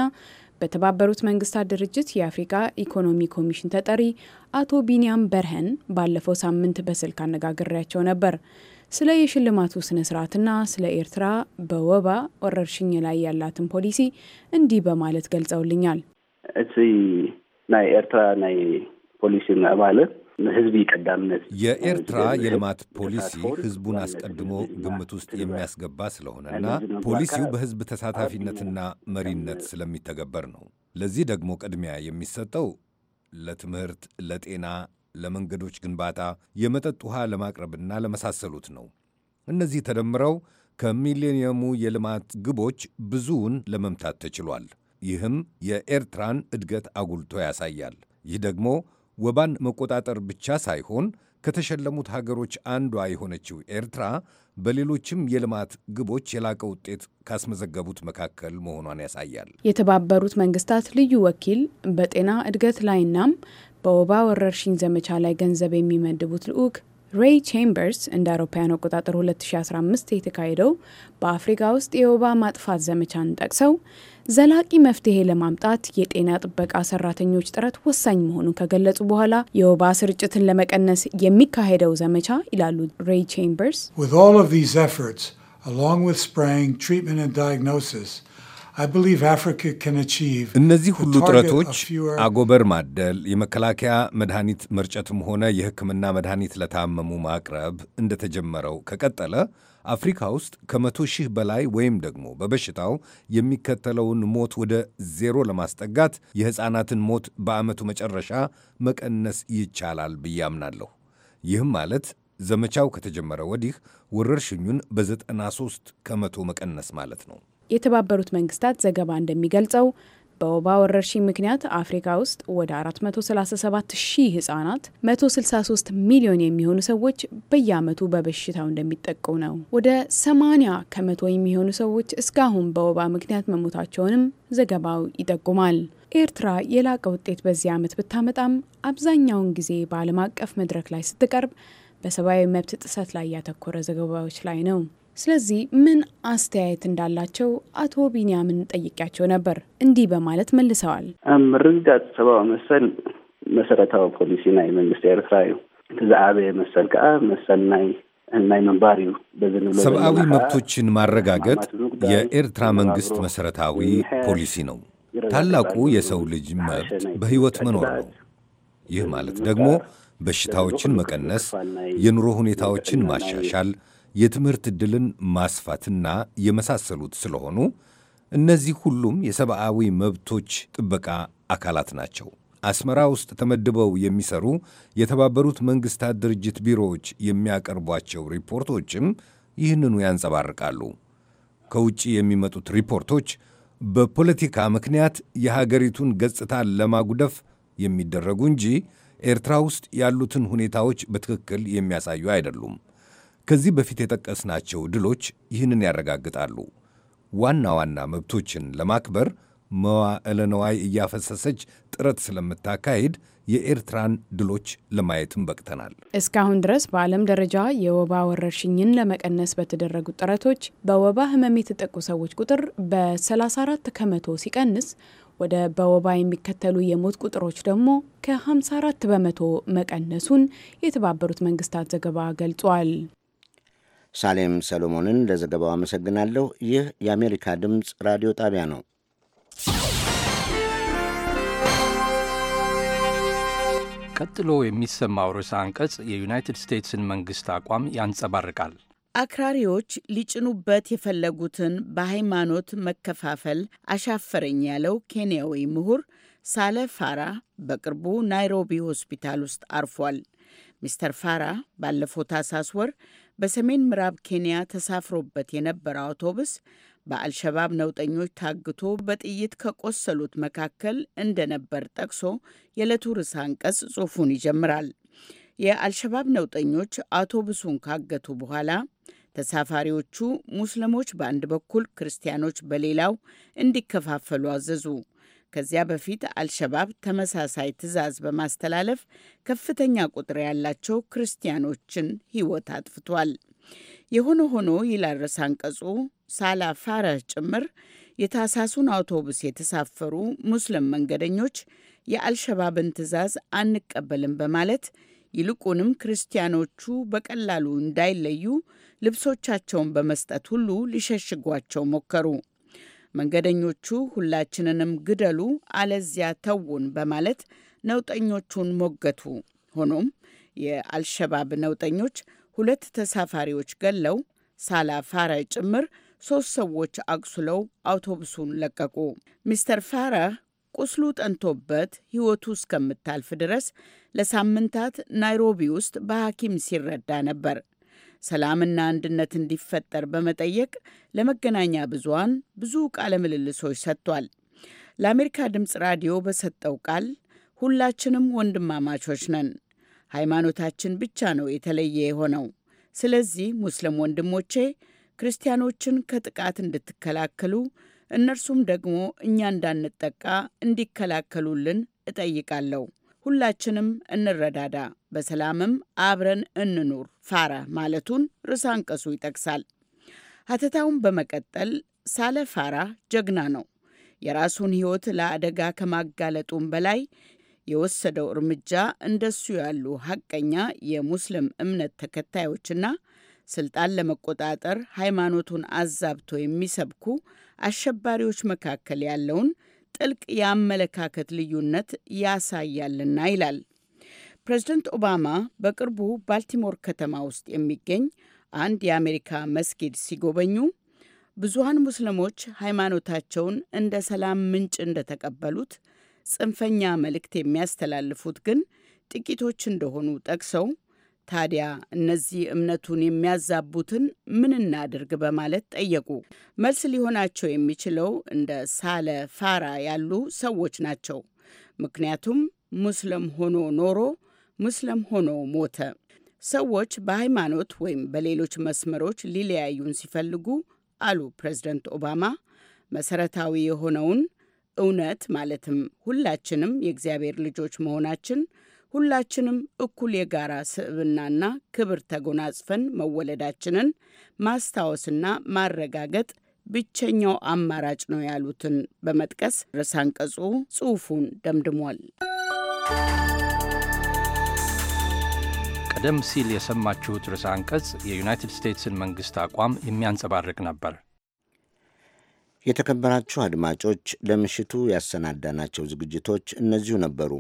S14: በተባበሩት መንግስታት ድርጅት የአፍሪካ ኢኮኖሚ ኮሚሽን ተጠሪ አቶ ቢንያም በርሀን ባለፈው ሳምንት በስልክ አነጋግሬያቸው ነበር። ስለ የሽልማቱ ስነ ስርዓትና ስለ ኤርትራ በወባ ወረርሽኝ ላይ ያላትን ፖሊሲ እንዲህ በማለት ገልጸውልኛል።
S9: እቲ ናይ ኤርትራ ናይ ፖሊሲ ማለት ህዝብ ቀዳምነት
S6: የኤርትራ የልማት ፖሊሲ ህዝቡን አስቀድሞ ግምት ውስጥ የሚያስገባ ስለሆነና ፖሊሲው በህዝብ ተሳታፊነትና መሪነት ስለሚተገበር ነው። ለዚህ ደግሞ ቅድሚያ የሚሰጠው ለትምህርት፣ ለጤና፣ ለመንገዶች ግንባታ፣ የመጠጥ ውሃ ለማቅረብና ለመሳሰሉት ነው። እነዚህ ተደምረው ከሚሌኒየሙ የልማት ግቦች ብዙውን ለመምታት ተችሏል። ይህም የኤርትራን እድገት አጉልቶ ያሳያል። ይህ ደግሞ ወባን መቆጣጠር ብቻ ሳይሆን ከተሸለሙት ሀገሮች አንዷ የሆነችው ኤርትራ በሌሎችም የልማት ግቦች የላቀ ውጤት ካስመዘገቡት መካከል መሆኗን ያሳያል።
S14: የተባበሩት መንግስታት ልዩ ወኪል በጤና እድገት ላይናም በወባ ወረርሽኝ ዘመቻ ላይ ገንዘብ የሚመድቡት ልዑክ ሬይ ቼምበርስ እንደ አውሮፓውያን አቆጣጠር 2015 የተካሄደው በአፍሪካ ውስጥ የወባ ማጥፋት ዘመቻን ጠቅሰው ዘላቂ መፍትሄ ለማምጣት የጤና ጥበቃ ሰራተኞች ጥረት ወሳኝ መሆኑን ከገለጹ በኋላ የወባ ስርጭትን ለመቀነስ የሚካሄደው ዘመቻ ይላሉ ሬይ ቼምበርስ
S5: እነዚህ ሁሉ ጥረቶች
S6: አጎበር ማደል፣ የመከላከያ መድኃኒት መርጨትም ሆነ የሕክምና መድኃኒት ለታመሙ ማቅረብ እንደተጀመረው ከቀጠለ አፍሪካ ውስጥ ከመቶ ሺህ በላይ ወይም ደግሞ በበሽታው የሚከተለውን ሞት ወደ ዜሮ ለማስጠጋት የሕፃናትን ሞት በዓመቱ መጨረሻ መቀነስ ይቻላል ብዬ አምናለሁ። ይህም ማለት ዘመቻው ከተጀመረ ወዲህ ወረርሽኙን በ93 ከመቶ መቀነስ ማለት ነው።
S14: የተባበሩት መንግስታት ዘገባ እንደሚገልጸው በወባ ወረርሽኝ ምክንያት አፍሪካ ውስጥ ወደ 437 ሺህ ህጻናት፣ 163 ሚሊዮን የሚሆኑ ሰዎች በየአመቱ በበሽታው እንደሚጠቁ ነው። ወደ 80 ከመቶ የሚሆኑ ሰዎች እስካሁን በወባ ምክንያት መሞታቸውንም ዘገባው ይጠቁማል። ኤርትራ የላቀ ውጤት በዚህ አመት ብታመጣም አብዛኛውን ጊዜ በዓለም አቀፍ መድረክ ላይ ስትቀርብ በሰብአዊ መብት ጥሰት ላይ ያተኮረ ዘገባዎች ላይ ነው። ስለዚህ ምን አስተያየት እንዳላቸው አቶ ቢንያምን ጠይቂያቸው ነበር። እንዲህ በማለት መልሰዋል።
S9: ምርግጋፅ ሰብኣዊ መሰል መሰረታዊ ፖሊሲ ናይ መንግስት ኤርትራ እዩ ዝዓበየ መሰል ከዓ መሰል ናይ ናይ ምንባር እዩ ሰብአዊ መብቶችን
S6: ማረጋገጥ የኤርትራ መንግስት መሰረታዊ ፖሊሲ ነው።
S9: ታላቁ የሰው
S6: ልጅ መብት በህይወት መኖር ነው። ይህ ማለት ደግሞ በሽታዎችን መቀነስ፣ የኑሮ ሁኔታዎችን ማሻሻል የትምህርት ዕድልን ማስፋትና የመሳሰሉት ስለሆኑ እነዚህ ሁሉም የሰብአዊ መብቶች ጥበቃ አካላት ናቸው። አስመራ ውስጥ ተመድበው የሚሰሩ የተባበሩት መንግስታት ድርጅት ቢሮዎች የሚያቀርቧቸው ሪፖርቶችም ይህንኑ ያንጸባርቃሉ። ከውጭ የሚመጡት ሪፖርቶች በፖለቲካ ምክንያት የሀገሪቱን ገጽታ ለማጉደፍ የሚደረጉ እንጂ ኤርትራ ውስጥ ያሉትን ሁኔታዎች በትክክል የሚያሳዩ አይደሉም። ከዚህ በፊት የጠቀስናቸው ድሎች ይህንን ያረጋግጣሉ። ዋና ዋና መብቶችን ለማክበር መዋዕለ ነዋይ እያፈሰሰች ጥረት ስለምታካሄድ የኤርትራን ድሎች ለማየትም በቅተናል።
S14: እስካሁን ድረስ በዓለም ደረጃ የወባ ወረርሽኝን ለመቀነስ በተደረጉ ጥረቶች በወባ ሕመም የተጠቁ ሰዎች ቁጥር በ34 ከመቶ ሲቀንስ ወደ በወባ የሚከተሉ የሞት ቁጥሮች ደግሞ ከ54 በመቶ መቀነሱን የተባበሩት መንግስታት ዘገባ ገልጿል።
S2: ሳሌም ሰሎሞንን ለዘገባው አመሰግናለሁ። ይህ የአሜሪካ ድምፅ ራዲዮ ጣቢያ ነው። ቀጥሎ የሚሰማው ርዕሰ አንቀጽ የዩናይትድ
S10: ስቴትስን መንግሥት አቋም ያንጸባርቃል።
S7: አክራሪዎች ሊጭኑበት የፈለጉትን በሃይማኖት መከፋፈል አሻፈረኝ ያለው ኬንያዊ ምሁር ሳለ ፋራ በቅርቡ ናይሮቢ ሆስፒታል ውስጥ አርፏል። ሚስተር ፋራ ባለፈው ታሳስ ወር በሰሜን ምዕራብ ኬንያ ተሳፍሮበት የነበረው አውቶቡስ በአልሸባብ ነውጠኞች ታግቶ በጥይት ከቆሰሉት መካከል እንደነበር ጠቅሶ የዕለቱ ርዕሰ አንቀጽ ጽሑፉን ይጀምራል። የአልሸባብ ነውጠኞች አውቶቡሱን ካገቱ በኋላ ተሳፋሪዎቹ ሙስሊሞች በአንድ በኩል ክርስቲያኖች በሌላው እንዲከፋፈሉ አዘዙ። ከዚያ በፊት አልሸባብ ተመሳሳይ ትዕዛዝ በማስተላለፍ ከፍተኛ ቁጥር ያላቸው ክርስቲያኖችን ሕይወት አጥፍቷል። የሆነ ሆኖ ይላል ርዕሰ አንቀጹ፣ ሳላ ፋረህ ጭምር የታሳሱን አውቶቡስ የተሳፈሩ ሙስሊም መንገደኞች የአልሸባብን ትዕዛዝ አንቀበልም በማለት ይልቁንም ክርስቲያኖቹ በቀላሉ እንዳይለዩ ልብሶቻቸውን በመስጠት ሁሉ ሊሸሽጓቸው ሞከሩ። መንገደኞቹ ሁላችንንም ግደሉ፣ አለዚያ ተውን በማለት ነውጠኞቹን ሞገቱ። ሆኖም የአልሸባብ ነውጠኞች ሁለት ተሳፋሪዎች ገለው ሳላ ፋራ ጭምር ሶስት ሰዎች አቁስለው አውቶቡሱን ለቀቁ። ሚስተር ፋራ ቁስሉ ጠንቶበት ሕይወቱ እስከምታልፍ ድረስ ለሳምንታት ናይሮቢ ውስጥ በሐኪም ሲረዳ ነበር። ሰላምና አንድነት እንዲፈጠር በመጠየቅ ለመገናኛ ብዙሃን ብዙ ቃለ ምልልሶች ሰጥቷል። ለአሜሪካ ድምፅ ራዲዮ በሰጠው ቃል ሁላችንም ወንድማማቾች ነን፣ ሃይማኖታችን ብቻ ነው የተለየ የሆነው። ስለዚህ ሙስሊም ወንድሞቼ ክርስቲያኖችን ከጥቃት እንድትከላከሉ እነርሱም ደግሞ እኛ እንዳንጠቃ እንዲከላከሉልን እጠይቃለሁ። ሁላችንም እንረዳዳ፣ በሰላምም አብረን እንኑር ፋራ ማለቱን ርዕሰ አንቀጹ ይጠቅሳል። ሀተታውን በመቀጠል ሳለ ፋራ ጀግና ነው፣ የራሱን ሕይወት ለአደጋ ከማጋለጡም በላይ የወሰደው እርምጃ እንደሱ ያሉ ሀቀኛ የሙስሊም እምነት ተከታዮችና ስልጣን ለመቆጣጠር ሃይማኖቱን አዛብቶ የሚሰብኩ አሸባሪዎች መካከል ያለውን ጥልቅ የአመለካከት ልዩነት ያሳያልና ይላል። ፕሬዝደንት ኦባማ በቅርቡ ባልቲሞር ከተማ ውስጥ የሚገኝ አንድ የአሜሪካ መስጊድ ሲጎበኙ ብዙሀን ሙስሊሞች ሃይማኖታቸውን እንደ ሰላም ምንጭ እንደተቀበሉት ጽንፈኛ መልእክት የሚያስተላልፉት ግን ጥቂቶች እንደሆኑ ጠቅሰው ታዲያ እነዚህ እምነቱን የሚያዛቡትን ምን እናድርግ በማለት ጠየቁ። መልስ ሊሆናቸው የሚችለው እንደ ሳለ ፋራ ያሉ ሰዎች ናቸው። ምክንያቱም ሙስለም ሆኖ ኖሮ ሙስለም ሆኖ ሞተ። ሰዎች በሃይማኖት ወይም በሌሎች መስመሮች ሊለያዩን ሲፈልጉ አሉ ፕሬዝደንት ኦባማ፣ መሰረታዊ የሆነውን እውነት ማለትም ሁላችንም የእግዚአብሔር ልጆች መሆናችን ሁላችንም እኩል የጋራ ስብዕናና ክብር ተጎናጽፈን መወለዳችንን ማስታወስና ማረጋገጥ ብቸኛው አማራጭ ነው ያሉትን በመጥቀስ ርዕሰ አንቀጹ ጽሑፉን ደምድሟል።
S8: ቀደም ሲል
S10: የሰማችሁት ርዕሰ አንቀጽ የዩናይትድ ስቴትስን መንግሥት አቋም የሚያንጸባርቅ ነበር።
S2: የተከበራችሁ አድማጮች፣ ለምሽቱ ያሰናዳናቸው ዝግጅቶች እነዚሁ ነበሩ።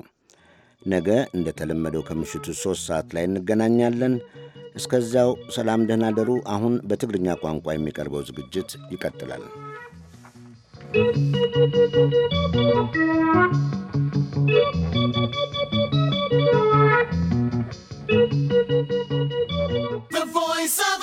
S2: ነገ እንደተለመደው ከምሽቱ ሦስት ሰዓት ላይ እንገናኛለን። እስከዚያው ሰላም፣ ደህና ደሩ። አሁን በትግርኛ ቋንቋ የሚቀርበው ዝግጅት ይቀጥላል።
S1: The voice of